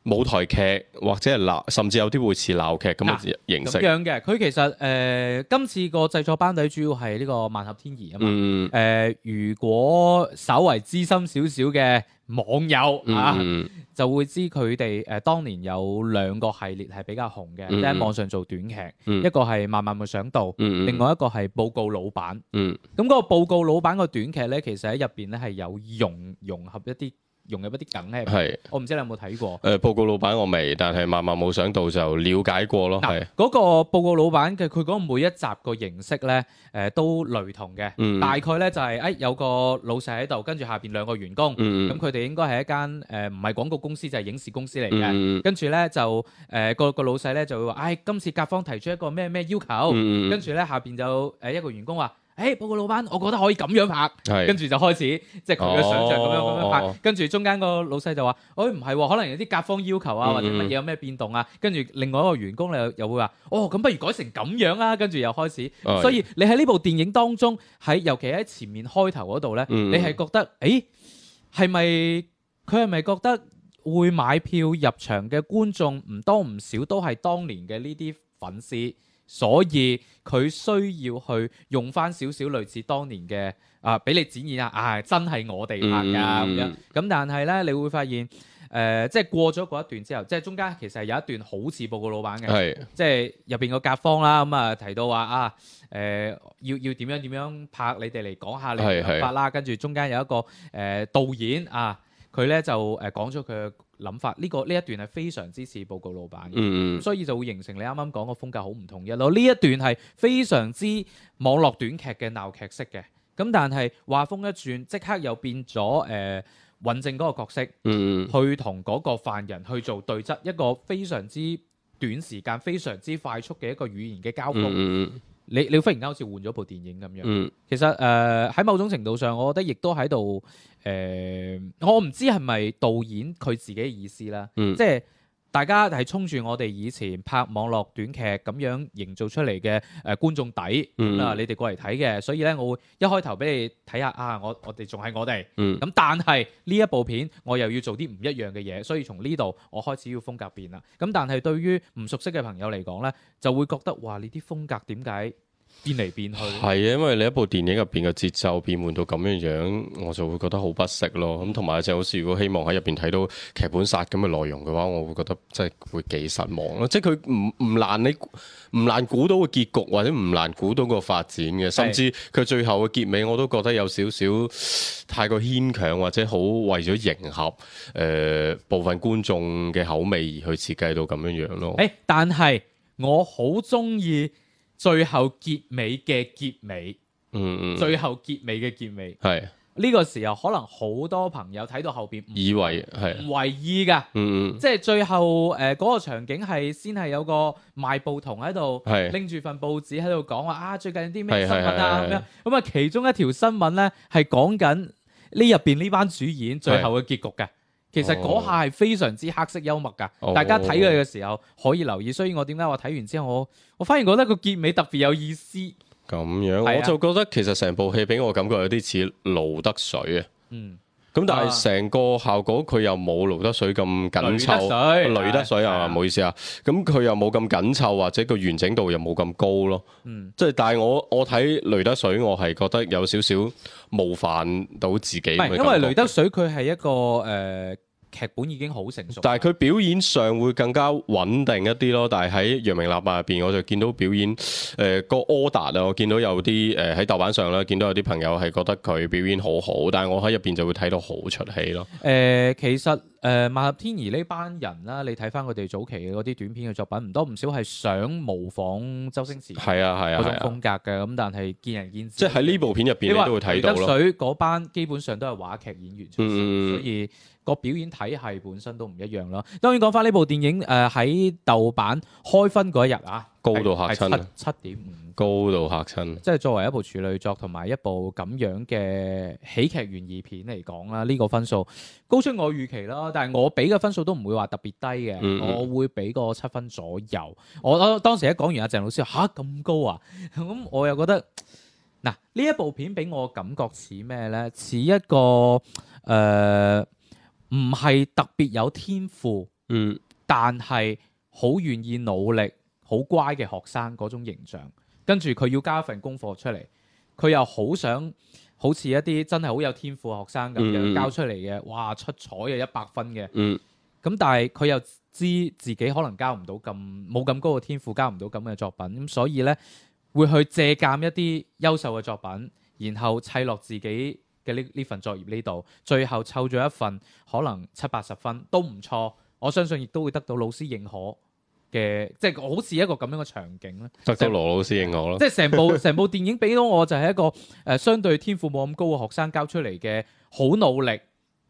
舞台劇或者係鬧，甚至有啲會似鬧劇咁嘅形式。咁、啊、樣嘅，佢其實誒、呃、今次個製作班底主要係呢個萬合天宜啊嘛。誒、嗯呃，如果稍為資深少少嘅網友啊，嗯、就會知佢哋誒當年有兩個系列係比較紅嘅，即係、嗯、網上做短劇，嗯、一個係萬萬沒想到，嗯、另外一個係報告老闆。咁嗰、嗯嗯、個報告老闆個短劇咧，其實喺入邊咧係有融融合一啲。融入一啲梗咧，係我唔知你有冇睇過？誒報告老闆我未，但係萬萬冇想到就瞭解過咯。嗱，嗰個報告老闆嘅佢嗰個每一集個形式咧，誒都雷同嘅。嗯，大概咧就係誒有個老細喺度，跟住下邊兩個員工。嗯嗯，咁佢哋應該係一間誒唔係廣告公司就係影視公司嚟嘅。嗯嗯，跟住咧就誒嗰個老細咧就會話：，誒今次甲方提出一個咩咩要求？嗯嗯，跟住咧下邊就誒一個員工話。誒，報告、哎、老闆，我覺得可以咁樣拍，跟住是就開始，即係佢嘅想像咁樣咁樣拍。跟住、哦、中間個老細就話：，誒唔係，可能有啲甲方要求啊，或者乜嘢有咩變動啊。跟住、嗯嗯、另外一個員工，你又又會話：，哦，咁不如改成咁樣啊。跟住又開始。哦、所以你喺呢部電影當中，喺尤其喺前面開頭嗰度咧，嗯嗯你係覺得，誒、哎，係咪佢係咪覺得會買票入場嘅觀眾唔多唔少都係當年嘅呢啲粉絲？所以佢需要去用翻少少類似當年嘅啊，俾你展現啊，啊真係我哋拍㗎咁、嗯、樣。咁但係咧，你會發現誒、呃，即係過咗嗰一段之後，即係中間其實係有一段好似報告老闆嘅，是即係入邊個甲方啦。咁、嗯、啊提到話啊，誒、呃、要要點樣點樣拍，你哋嚟講下你嘅想法啦。跟住中間有一個誒、呃、導演啊，佢咧就誒講咗佢嘅。諗法呢、這個呢一段係非常之似報告老闆嘅，嗯、所以就會形成你啱啱講個風格好唔同一咯。呢一段係非常之網絡短劇嘅鬧劇式嘅，咁但係話風一轉，即刻又變咗誒韻靜嗰個角色、嗯、去同嗰個犯人去做對質，一個非常之短時間、非常之快速嘅一個語言嘅交鋒。嗯你你忽然間好似換咗部電影咁樣，嗯、其實誒喺、呃、某種程度上，我覺得亦都喺度誒，我唔知係咪導演佢自己嘅意思啦，嗯、即係。大家係衝住我哋以前拍網絡短劇咁樣營造出嚟嘅誒觀眾底，啊、嗯、你哋過嚟睇嘅，所以咧我會一開頭俾你睇下啊，我我哋仲係我哋，咁、嗯、但係呢一部片我又要做啲唔一樣嘅嘢，所以從呢度我開始要風格變啦。咁但係對於唔熟悉嘅朋友嚟講咧，就會覺得哇你啲風格點解變嚟變去係啊，因為你一部電影入邊嘅節奏變換到咁樣樣，我就會覺得好不適咯。咁同埋即係，好似如果希望喺入邊睇到劇本殺咁嘅內容嘅話，我會覺得真係會幾失望咯。即係佢唔唔難你唔難估到個結局，或者唔難估到個發展嘅，甚至佢最後嘅結尾，我都覺得有少少太過牽強，或者好為咗迎合誒、呃、部分觀眾嘅口味而去設計到咁樣樣咯。誒、欸，但係我好中意。最後結尾嘅結尾，嗯嗯，最後結尾嘅結尾，係呢是個時候可能好多朋友睇到後邊以為係唔為不是意㗎，嗯嗯，即係最後誒嗰、呃那個場景係先係有個賣報童喺度，係拎住份報紙喺度講話啊，最近有啲咩新聞啊咁樣，咁啊其中一條新聞咧係講緊呢入邊呢班主演最後嘅結局嘅。其實嗰下係非常之黑色幽默噶，哦、大家睇佢嘅時候可以留意。所以我點解我睇完之後，我我反而覺得個結尾特別有意思。咁樣，啊、我就覺得其實成部戲俾我感覺有啲似《驢得水》啊。嗯。咁但係成個效果佢又冇《驢得、啊、水》咁緊湊，《驢得水》係嘛、啊？唔好意思啊。咁佢又冇咁緊湊，或者個完整度又冇咁高咯。嗯。即係但係我我睇《驢得水》，我係覺得有少少冒犯到自己。因為《驢得水》佢係一個誒。呃呃劇本已經好成熟，但係佢表演上會更加穩定一啲咯。但係喺楊明立馬入邊，我就見到表演，誒個柯達啊，我見到有啲誒喺豆瓣上啦，見到有啲朋友係覺得佢表演好好，但係我喺入邊就會睇到好出戲咯。誒、呃，其實。誒萬合天宜呢班人啦，你睇翻佢哋早期嘅嗰啲短片嘅作品，唔多唔少係想模仿周星馳，係啊係啊，嗰種風格嘅，咁、啊啊啊、但係見仁見智。即係喺呢部片入邊你，說你都會睇到咯。水嗰班基本上都係話劇演員出身，嗯、所以個表演體系本身都唔一樣咯。當然講翻呢部電影，誒、呃、喺豆瓣開分嗰一日啊！7, 7. 高到吓親，七七點五高到吓親。即係作為一部處女作同埋一部咁樣嘅喜劇懸疑片嚟講啦，呢、這個分數高出我預期啦。但係我俾嘅分數都唔會話特別低嘅，嗯嗯我會俾個七分左右。我當時一講完阿鄭老師吓咁、啊、高啊，咁我又覺得嗱呢一部片俾我感覺似咩呢？似一個誒唔係特別有天賦，嗯，但係好願意努力。好乖嘅學生嗰種形象，跟住佢要交一份功課出嚟，佢又好想好似一啲真係好有天賦嘅學生咁樣、嗯、交出嚟嘅，哇出彩嘅一百分嘅，咁、嗯、但係佢又知自己可能交唔到咁冇咁高嘅天賦，交唔到咁嘅作品，咁所以呢，會去借鑒一啲優秀嘅作品，然後砌落自己嘅呢呢份作業呢度，最後湊咗一份可能七八十分都唔錯，我相信亦都會得到老師認可。嘅即係好似一個咁樣嘅場景咧，得羅老師認可咯。即係成部成 部電影俾到我，就係一個誒相對天賦冇咁高嘅學生交出嚟嘅、好努力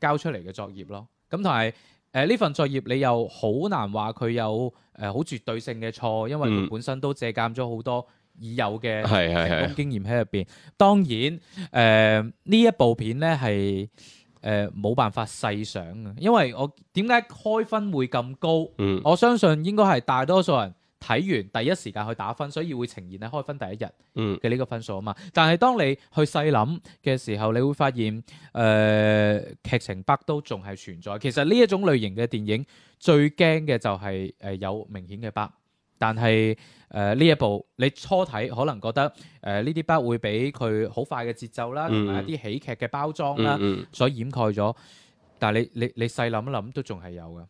交出嚟嘅作業咯。咁同埋誒呢份作業你又好難話佢有誒好絕對性嘅錯，因為佢本身都借鑑咗好多已有嘅成功經驗喺入邊。嗯、當然誒呢、呃、一部片咧係。誒冇、呃、辦法細想啊，因為我點解開分會咁高？嗯、我相信應該係大多數人睇完第一時間去打分，所以會呈現喺開分第一日嘅呢個分數啊嘛。但係當你去細諗嘅時候，你會發現誒、呃、劇情白都仲係存在。其實呢一種類型嘅電影最驚嘅就係、是、誒、呃、有明顯嘅白。但係，誒，呢一部你初睇可能覺得誒，呢啲不會俾佢好快嘅節奏啦，同埋、嗯、一啲喜劇嘅包裝啦，嗯嗯、所掩蓋咗。但係你你你細諗一諗都仲係有嘅，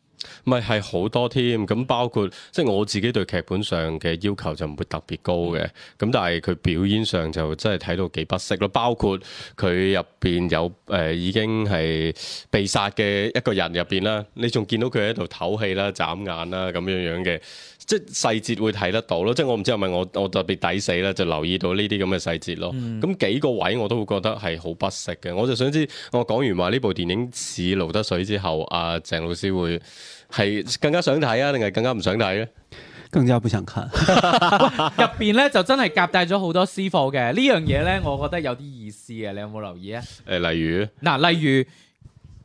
唔係係好多添。咁包括即係、就是、我自己對劇本上嘅要求就唔會特別高嘅。咁但係佢表演上就真係睇到幾不適咯。包括佢入邊有誒、呃、已經係被殺嘅一個人入邊啦，你仲見到佢喺度唞氣啦、眨眼啦咁樣樣嘅。即細節會睇得到咯，即我唔知係咪我我特別抵死咧，就留意到呢啲咁嘅細節咯。咁、嗯、幾個位我都會覺得係好不適嘅。我就想知，我講完話呢部電影似《驢得水》之後，阿、啊、鄭老師會係更加想睇啊，定係更加唔想睇咧、啊？更加不想看。入邊咧就真係夾帶咗好多私貨嘅呢樣嘢咧，我覺得有啲意思嘅。你有冇留意啊？誒，例如嗱，例如。例如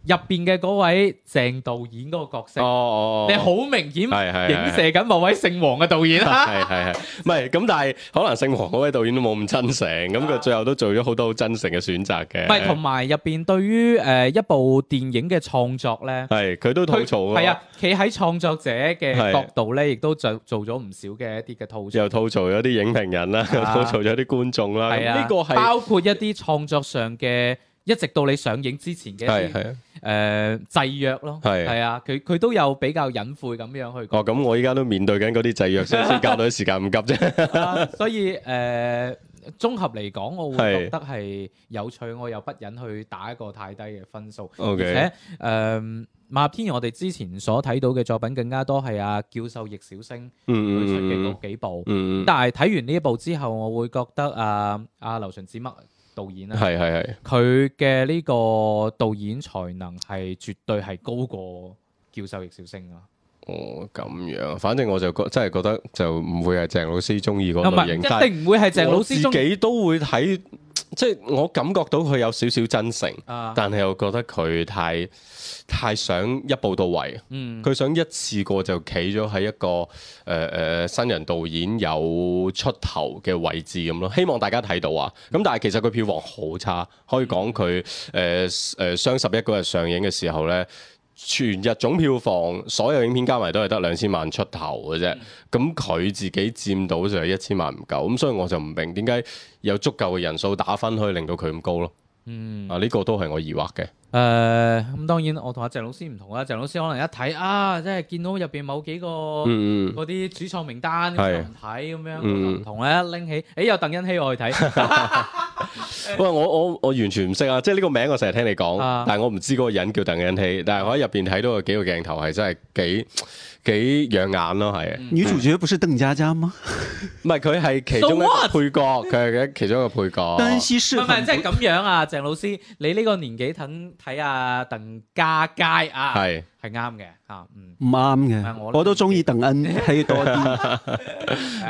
入邊嘅嗰位鄭導演嗰個角色，oh, oh, oh. 你好明顯影射緊某位姓黃嘅導演嚇。係係係，唔係咁，但係可能姓黃嗰位導演都冇咁真誠，咁佢最後都做咗好多好真誠嘅選擇嘅。唔係，同埋入邊對於誒、呃、一部電影嘅創作咧，係佢 都吐槽。係 啊，企喺創作者嘅角度咧，亦都做做咗唔少嘅一啲嘅吐槽。又吐槽咗啲影評人啦，啊、 又吐槽咗啲觀眾啦。係啊， 個包括一啲創作上嘅。一直到你上映之前嘅係啊，誒制約咯，係啊，佢佢都有比較隱晦咁樣去講。哦，咁我依家都面對緊嗰啲制約，所以搞到啲時間唔急啫。所以誒，綜合嚟講，我會覺得係有趣，我又不忍去打一個太低嘅分數。而且誒，馬天宇，我哋之前所睇到嘅作品更加多係叫獸易小星佢出嘅嗰幾部，但係睇完呢一部之後，我會覺得啊，阿劉循子墨。導演啦、啊，係係係，佢嘅呢個導演才能係絕對係高過叫獸易小星啊！哦，咁樣，反正我就覺真係覺得就唔會係鄭老師中意嗰類型，一定唔會係鄭老師。自己都會睇。即係我感覺到佢有少少真誠，啊、但係又覺得佢太太想一步到位。佢、嗯、想一次過就企咗喺一個誒誒、呃、新人導演有出頭嘅位置咁咯。希望大家睇到啊！咁但係其實佢票房好差，可以講佢誒誒雙十一嗰日上映嘅時候呢。全日總票房所有影片加埋都係得兩千萬出頭嘅啫，咁佢、嗯、自己佔到就係一千萬唔夠，咁所以我就唔明點解有足夠嘅人數打分可以令到佢咁高咯。嗯啊，啊、這、呢個都係我疑惑嘅。誒、呃，咁當然我同阿鄭老師唔同啦、啊，鄭老師可能一睇啊，即係見到入邊某幾個嗰啲、嗯嗯、主創名單咁就唔睇咁樣，唔、嗯、同咧拎起，誒、欸、有鄧恩熙，我去睇。 喂，我我我完全唔識啊！即係呢個名我成日聽你講，但係我唔知嗰個人叫鄧欣熙，但係我喺入邊睇到個幾個鏡頭係真係幾。幾養眼咯，係啊！女主角不是鄧家佳嗎？唔係，佢係其中一個配角，佢係嘅其中一個配角。丹西適合，唔係即係咁樣啊，鄭老師，你呢個年紀等睇阿鄧家佳啊，係係啱嘅啊，唔啱嘅，我都中意鄧恩熙多啲。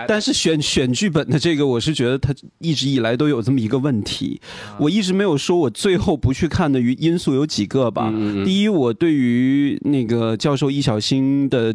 但是選選劇本嘅，這個，我是覺得他一直以來都有這麼一個問題，我一直沒有說我最後不去看的因因素有幾個吧。第一，我對於那個教授易小星的。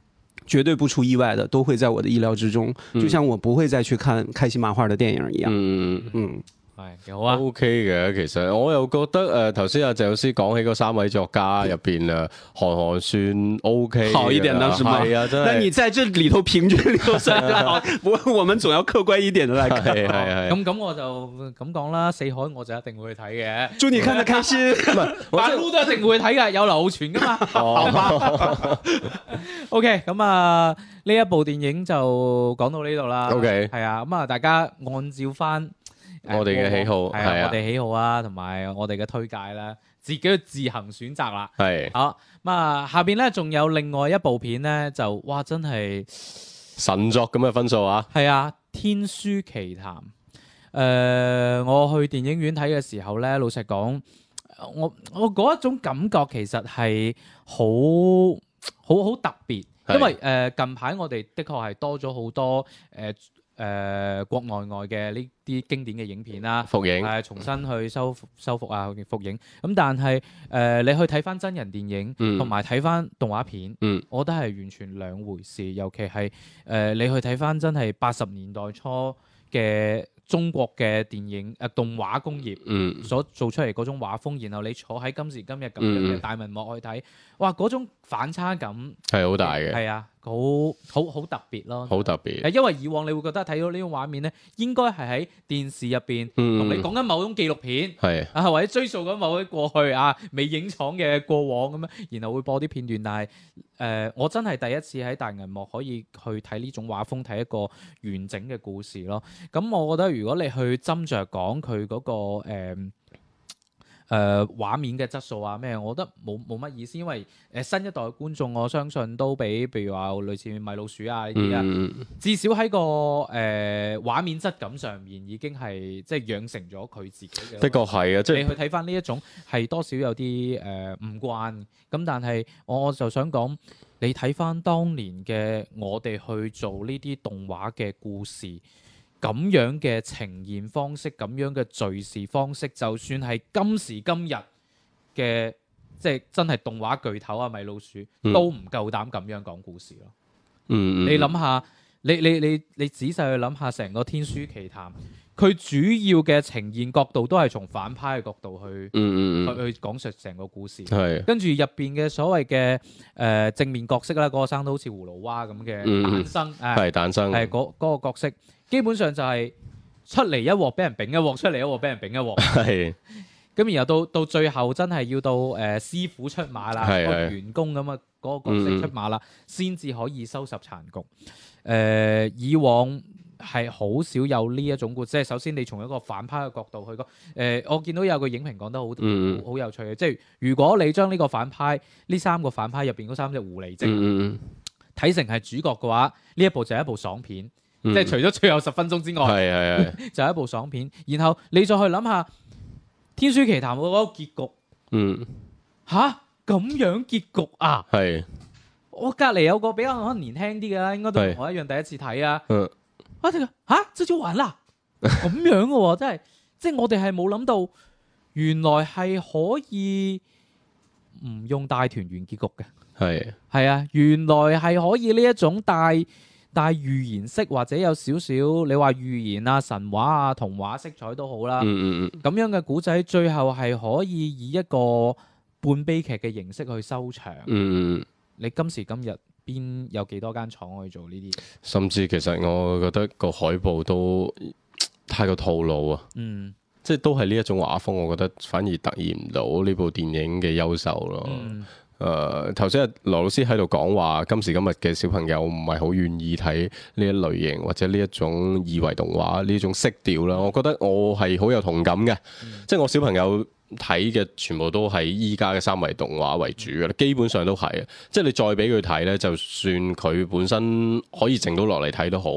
絕對不出意外的，都會在我的意料之中，嗯、就像我不會再去看《開心麻花》的電影一樣。嗯嗯。嗯係幾好啊，OK 嘅，其實我又覺得誒，頭先阿鄭老師講起嗰三位作家入邊誒，韓寒算 OK，好啲人諗，係咪啊？真。但你即這裏頭平均呢個三，我我們總要客觀一點啦。係係係，咁咁我就咁講啦。四海我就一定會睇嘅，中意開得開心，白鹿都一定會睇㗎，有流傳噶嘛。好，OK，咁啊，呢一部電影就講到呢度啦。OK，係啊，咁啊，大家按照翻。嗯、我哋嘅喜好係、啊啊、我哋喜好啊，同埋、啊、我哋嘅推介咧，自己去自行選擇啦。係是好咁啊，下邊咧仲有另外一部片咧，就哇真係神作咁嘅分數啊！係啊，《天書奇譚》誒、呃，我去電影院睇嘅時候咧，老實講，我我嗰一種感覺其實係好好好特別，因為誒是、呃、近排我哋的確係多咗好多誒。呃誒、呃、國內外嘅呢啲經典嘅影片啦影、呃，復映，誒重新去修修復啊，復、嗯、映。咁但係誒、呃、你去睇翻真人電影，同埋睇翻動畫片，嗯，嗯我覺得係完全兩回事。尤其係誒、呃、你去睇翻真係八十年代初嘅中國嘅電影誒、呃、動畫工業，嗯，所做出嚟嗰種畫風，然後你坐喺今時今日咁樣嘅大屏幕去睇，哇！嗰種反差感係好、嗯、大嘅，係啊。好好好特別咯，好特別。誒，因為以往你會覺得睇到呢種畫面咧，應該係喺電視入邊，同你講緊某種紀錄片，係、嗯、啊，或者追溯緊某啲過去啊，美影廠嘅過往咁樣，然後會播啲片段。但係誒、呃，我真係第一次喺大銀幕可以去睇呢種畫風，睇一個完整嘅故事咯。咁我覺得如果你去斟酌講佢嗰個、嗯誒、呃、畫面嘅質素啊咩，我覺得冇冇乜意思，因為誒、呃、新一代嘅觀眾我相信都比，譬如話類似米老鼠啊呢啲啊，嗯、至少喺個誒、呃、畫面質感上面已經係即係養成咗佢自己嘅。的確係啊，即係你去睇返呢一種係、就是、多少有啲誒唔慣，咁但係我我就想講，你睇返當年嘅我哋去做呢啲動畫嘅故事。咁樣嘅呈現方式，咁樣嘅敘事方式，就算係今時今日嘅，即係真係動畫巨頭啊，米老鼠都唔夠膽咁樣講故事咯。嗯嗯、你諗下，你你你你，你仔細去諗下成個《天書奇譚》，佢主要嘅呈現角度都係從反派嘅角度去，嗯嗯嗯、去去講述成個故事。係。跟住入邊嘅所謂嘅誒、呃、正面角色啦，個個生都好似葫蘆娃咁嘅誕生，係誕生，係嗰個角色。基本上就係出嚟一鑊，俾人抌一鑊，出嚟一鑊，俾人抌一鑊，咁是 然後到到最後真係要到誒、呃、師傅出馬啦，嗰個員工咁啊嗰個角色出馬啦，先至可以收拾殘局。誒、呃呃、以往係好少有呢一種故，即係首先你從一個反派嘅角度去講。誒、呃、我見到有個影評講得好好、嗯、有趣嘅，即係如果你將呢個反派呢三個反派入邊嗰三隻狐狸精睇、嗯、成係主角嘅話，呢一部就係一部爽片。即係除咗最後十分鐘之外，係係係， 就係一部爽片。嗯、然後你再去諗下《天書奇談》嗰個結局，嗯，嚇咁樣結局啊！係是，我隔離有個比較可能年輕啲嘅啦，應該都同我一樣第一次睇啊。啊，就是、我哋嚇蜘啦，咁樣嘅喎，真係即係我哋係冇諗到，原來係可以唔用大團圓結局嘅。係係啊，原來係可以呢一種大。但係預言式或者有少少你話預言啊、神話啊、童話色彩都好啦、嗯。嗯，咁樣嘅古仔最後係可以以一個半悲劇嘅形式去收場。嗯，你今時今日邊有幾多間廠去做呢啲？甚至其實我覺得個海報都太過套路啊。嗯。即係都係呢一種畫風，我覺得反而突顯唔到呢部電影嘅優秀咯。嗯。誒頭先阿羅老師喺度講話，今時今日嘅小朋友唔係好願意睇呢一類型或者呢一種二維動畫呢一種色調啦。我覺得我係好有同感嘅，嗯、即係我小朋友睇嘅全部都係依家嘅三維動畫為主嘅。基本上都係，即係你再俾佢睇呢，就算佢本身可以整到落嚟睇都好。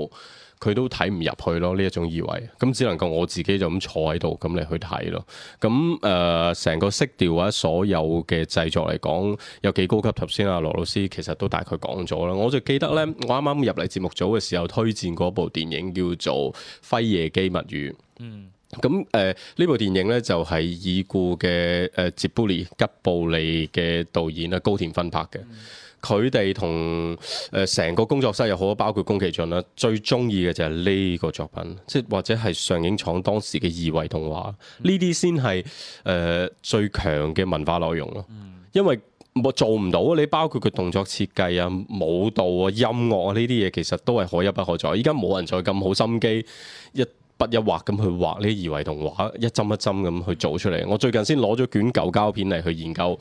佢都睇唔入去咯，呢一種以為，咁只能夠我自己就咁坐喺度咁嚟去睇咯。咁、呃、誒，成個色調啊，所有嘅製作嚟講，有幾高級。頭先阿、啊、羅老師其實都大概講咗啦。我就記得呢，我啱啱入嚟節目組嘅時候推薦過部電影叫做《輝夜姬物語》。嗯。咁誒、嗯，呢、呃、部電影呢，就係已故嘅誒、呃、吉布利吉布利嘅導演啊，高畑勳拍嘅。嗯佢哋同誒成個工作室又好包括宮崎駿啦，最中意嘅就係呢個作品，即係或者係上影廠當時嘅二維動畫，呢啲先係誒最強嘅文化內容咯。因為我做唔到，你包括佢動作設計啊、舞蹈啊、音樂啊呢啲嘢，其實都係可一不可再。依家冇人再咁好心機一筆一畫咁去畫呢二維動畫，一針一針咁去做出嚟。我最近先攞咗卷舊膠片嚟去研究。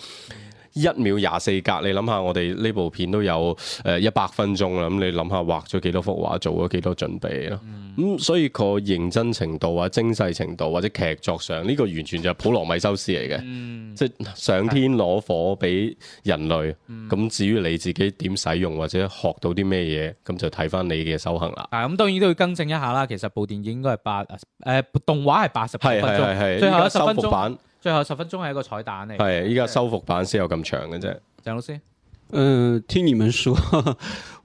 一秒廿四格，你諗下，我哋呢部片都有誒一百分鐘啦。咁你諗下畫咗幾多幅畫，做咗幾多準備咯？咁、嗯嗯、所以個認真程度啊、精細程度或者劇作上，呢、這個完全就係普羅米修斯嚟嘅，嗯、即係上天攞火俾人類。咁、嗯、至於你自己點使用或者學到啲咩嘢，咁就睇翻你嘅修行啦。咁、嗯嗯嗯、當然都要更正一下啦。其實部電影應該係八誒動畫係八十分鐘，最後一十分鐘。最後十分鐘係一個彩蛋嚟，係依家修復版先有咁長嘅啫。鄭老師，嗯，聽你們說，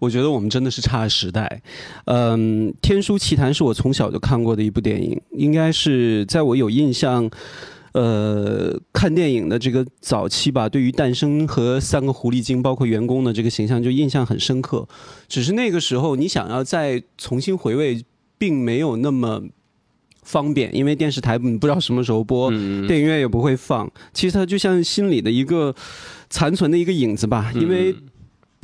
我覺得我們真的是差喺時代。嗯、呃，《天書奇譚》是我從小就看過的一部電影，應該是在我有印象，呃，看電影的這個早期吧。對於誕生和三個狐狸精，包括員工的這個形象就印象很深刻。只是那個時候，你想要再重新回味，並沒有那麼。方便，因為電視台你不知道什麼時候播，嗯、電影院也不會放，其實它就像心裏的一個殘存的一個影子吧，因為，嗯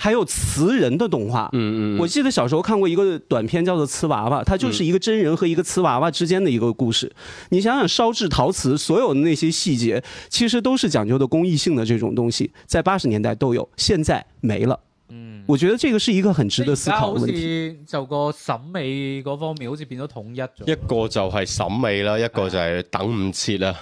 還有瓷人的動畫，嗯嗯，我記得小時候看過一個短片，叫做《瓷娃娃》，它就是一個真人和一個瓷娃娃之間的一個故事。你想想，燒製陶瓷，所有的那些細節，其實都是講究的工藝性的這種東西，在八十年代都有，現在沒了。嗯，我覺得這個是一個很值得思考的問題。嗯、現在好像就個審美嗰方面，好似變咗統一咗。一個就係審美啦，一個就係等唔切啦。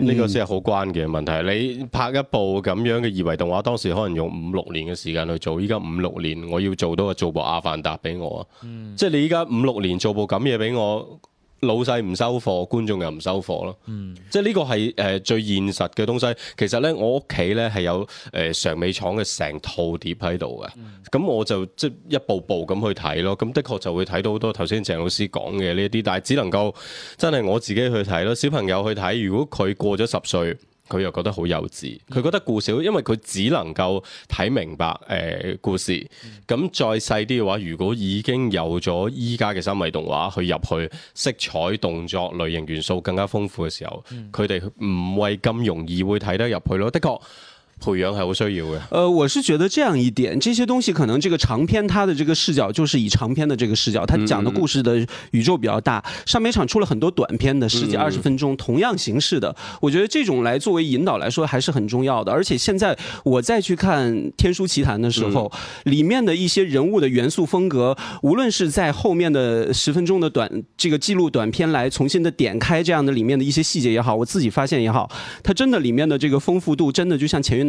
呢個先係好關鍵嘅問題。你拍一部咁樣嘅二維動畫，當時可能用五六年嘅時間去做，依家五六年我要做到個，做部阿凡達俾我啊，嗯、即係你依家五六年做部咁嘢俾我。老細唔收貨，觀眾又唔收貨咯。嗯，即係呢個係誒最現實嘅東西。其實咧，我屋企咧係有誒常尾廠嘅成套碟喺度嘅。咁、嗯、我就即、就是、一步步咁去睇咯。咁的確就會睇到好多頭先鄭老師講嘅呢一啲，但係只能夠真係我自己去睇咯。小朋友去睇，如果佢過咗十歲。佢又覺得好幼稚，佢、嗯、覺得故事，因為佢只能夠睇明白誒、呃、故事，咁、嗯、再細啲嘅話，如果已經有咗依家嘅三維動畫去入去，色彩、動作、類型元素更加豐富嘅時候，佢哋唔會咁容易會睇得入去咯，的確。培養還好需要誒。呃、嗯，我是覺得這樣一點，這些東西可能這個長篇它的這個視角就是以長篇的這個視角，它講的故事的宇宙比較大。上半場出了很多短片的十幾二十分鐘，同樣形式的，我覺得這種來作為引導來說還是很重要的。而且現在我再去看《天書奇譚》的時候，裏面的一些人物的元素風格，無論是在後面的十分鐘的短，這個記錄短片來重新的點開這樣的裏面的一些細節也好，我自己發現也好，它真的裏面的這個豐富度，真的就像前面。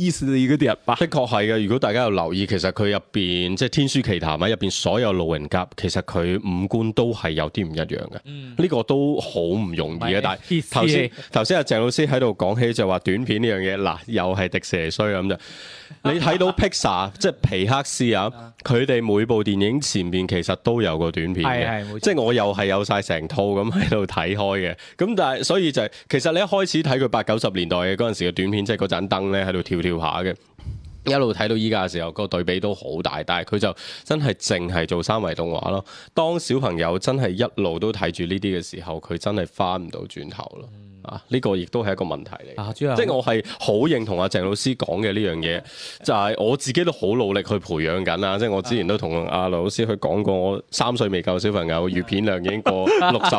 意思你嗰啲人吧，的確係嘅。如果大家有留意，其實佢入邊即係《天書奇談》啊，入邊所有路人甲，其實佢五官都係有啲唔一樣嘅。呢、嗯、個都好唔容易嘅。是但係頭先頭先阿鄭老師喺度講起就話短片呢樣嘢，嗱又係迪士尼衰咁就。 你睇到 Pixar，即係皮克斯啊！佢哋 每部電影前面其實都有個短片嘅， 即係我又係有晒成套咁喺度睇開嘅。咁但係所以就係、是，其實你一開始睇佢八九十年代嘅嗰陣時嘅短片，即係嗰盞燈咧喺度跳跳下嘅，一路睇到依家嘅時候，個對比都好大。但係佢就真係淨係做三維動畫咯。當小朋友真係一路都睇住呢啲嘅時候，佢真係翻唔到轉頭咯。啊！呢個亦都係一個問題嚟，啊、即係我係好認同阿鄭老師講嘅呢樣嘢， 就係我自己都好努力去培養緊啦。 即係我之前都同阿劉老師去講過，我三歲未夠小朋友，月片量已經過六十，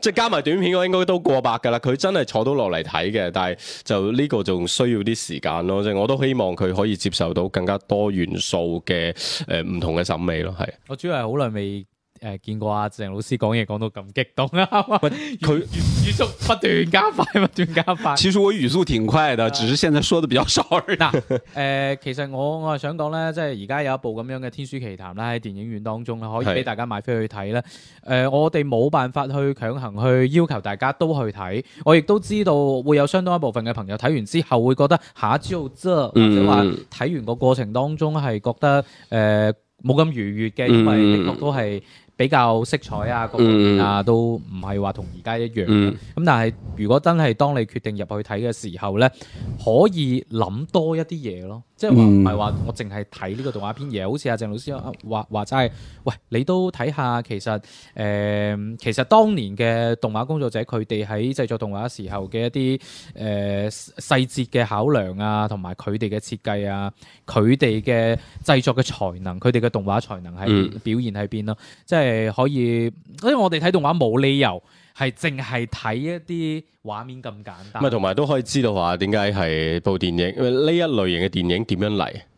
即係加埋短片，我應該都過百㗎啦。佢真係坐到落嚟睇嘅，但係就呢個仲需要啲時間咯。即係我都希望佢可以接受到更加多元素嘅誒唔同嘅審美咯。係，我主要係好耐未。誒、呃，見過阿、啊、鄭老師講嘢講到咁激動啊，佢語速不斷 遠他加快，不斷加快。其實我語速挺快的， 只是現在說得比較碎。嗱、呃，誒、呃，其實我我係想講呢，即係而家有一部咁樣嘅《天書奇譚》啦，喺電影院當中啦，可以俾大家買飛去睇呢誒是、呃，我哋冇辦法去強行去要求大家都去睇，我亦都知道會有相當一部分嘅朋友睇完之後會覺得下之後，即或者話睇、嗯、完個過程當中係覺得誒冇咁愉悅嘅，因為的確都係。嗯比較色彩啊，嗯、各方面啊，都唔係話同而家一樣。咁、嗯、但係如果真係當你決定入去睇嘅時候咧，可以諗多一啲嘢咯。即係話唔係話我淨係睇呢個動畫片嘢，嗯、好似阿鄭老師話話齋係喂，你都睇下其實誒、呃、其實當年嘅動畫工作者佢哋喺製作動畫時候嘅一啲誒細節嘅考量啊，同埋佢哋嘅設計啊，佢哋嘅製作嘅才能，佢哋嘅動畫才能係、嗯、表現喺邊咯。即係。誒、呃，可以，因為我哋睇動畫冇理由係淨係睇一啲畫面咁簡單。同埋都可以知道話點解係部電影，呢一類型嘅電影點樣嚟？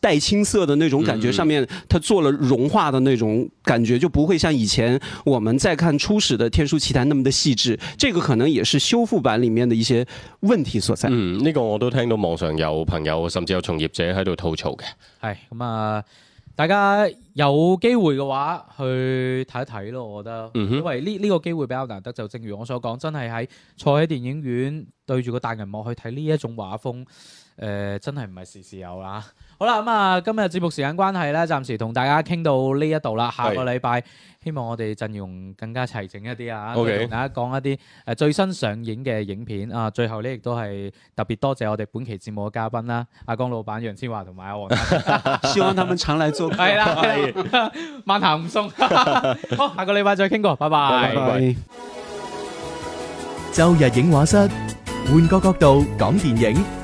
帶青色的那種感覺，上面它做了融化的那種感覺，就不會像以前我們再看初始的《天書奇譚》那麼的細緻。這個可能也是修復版裏面的一些問題所在。嗯，呢、這個我都聽到網上有朋友甚至有從業者喺度吐槽嘅。係咁啊，大家有機會嘅話去睇一睇咯。我覺得，因為呢呢、這個機會比較難得，就正如我所講，真係喺坐喺電影院對住個大銀幕去睇呢一種畫風，誒、呃，真係唔係時時有啦。好啦，咁啊，今日節目時間關係咧，暫時同大家傾到呢一度啦。下個禮拜希望我哋陣容更加齊整一啲啊，OK，同大家講一啲誒最新上映嘅影片啊。最後咧，亦都係特別多謝我哋本期節目嘅嘉賓啦，阿江老闆、楊千嬅同埋阿黃。希望佢哋常嚟做客。係啦，慢行唔送。好，下個禮拜再傾過，拜拜。周日映畫室，換個角度講電影。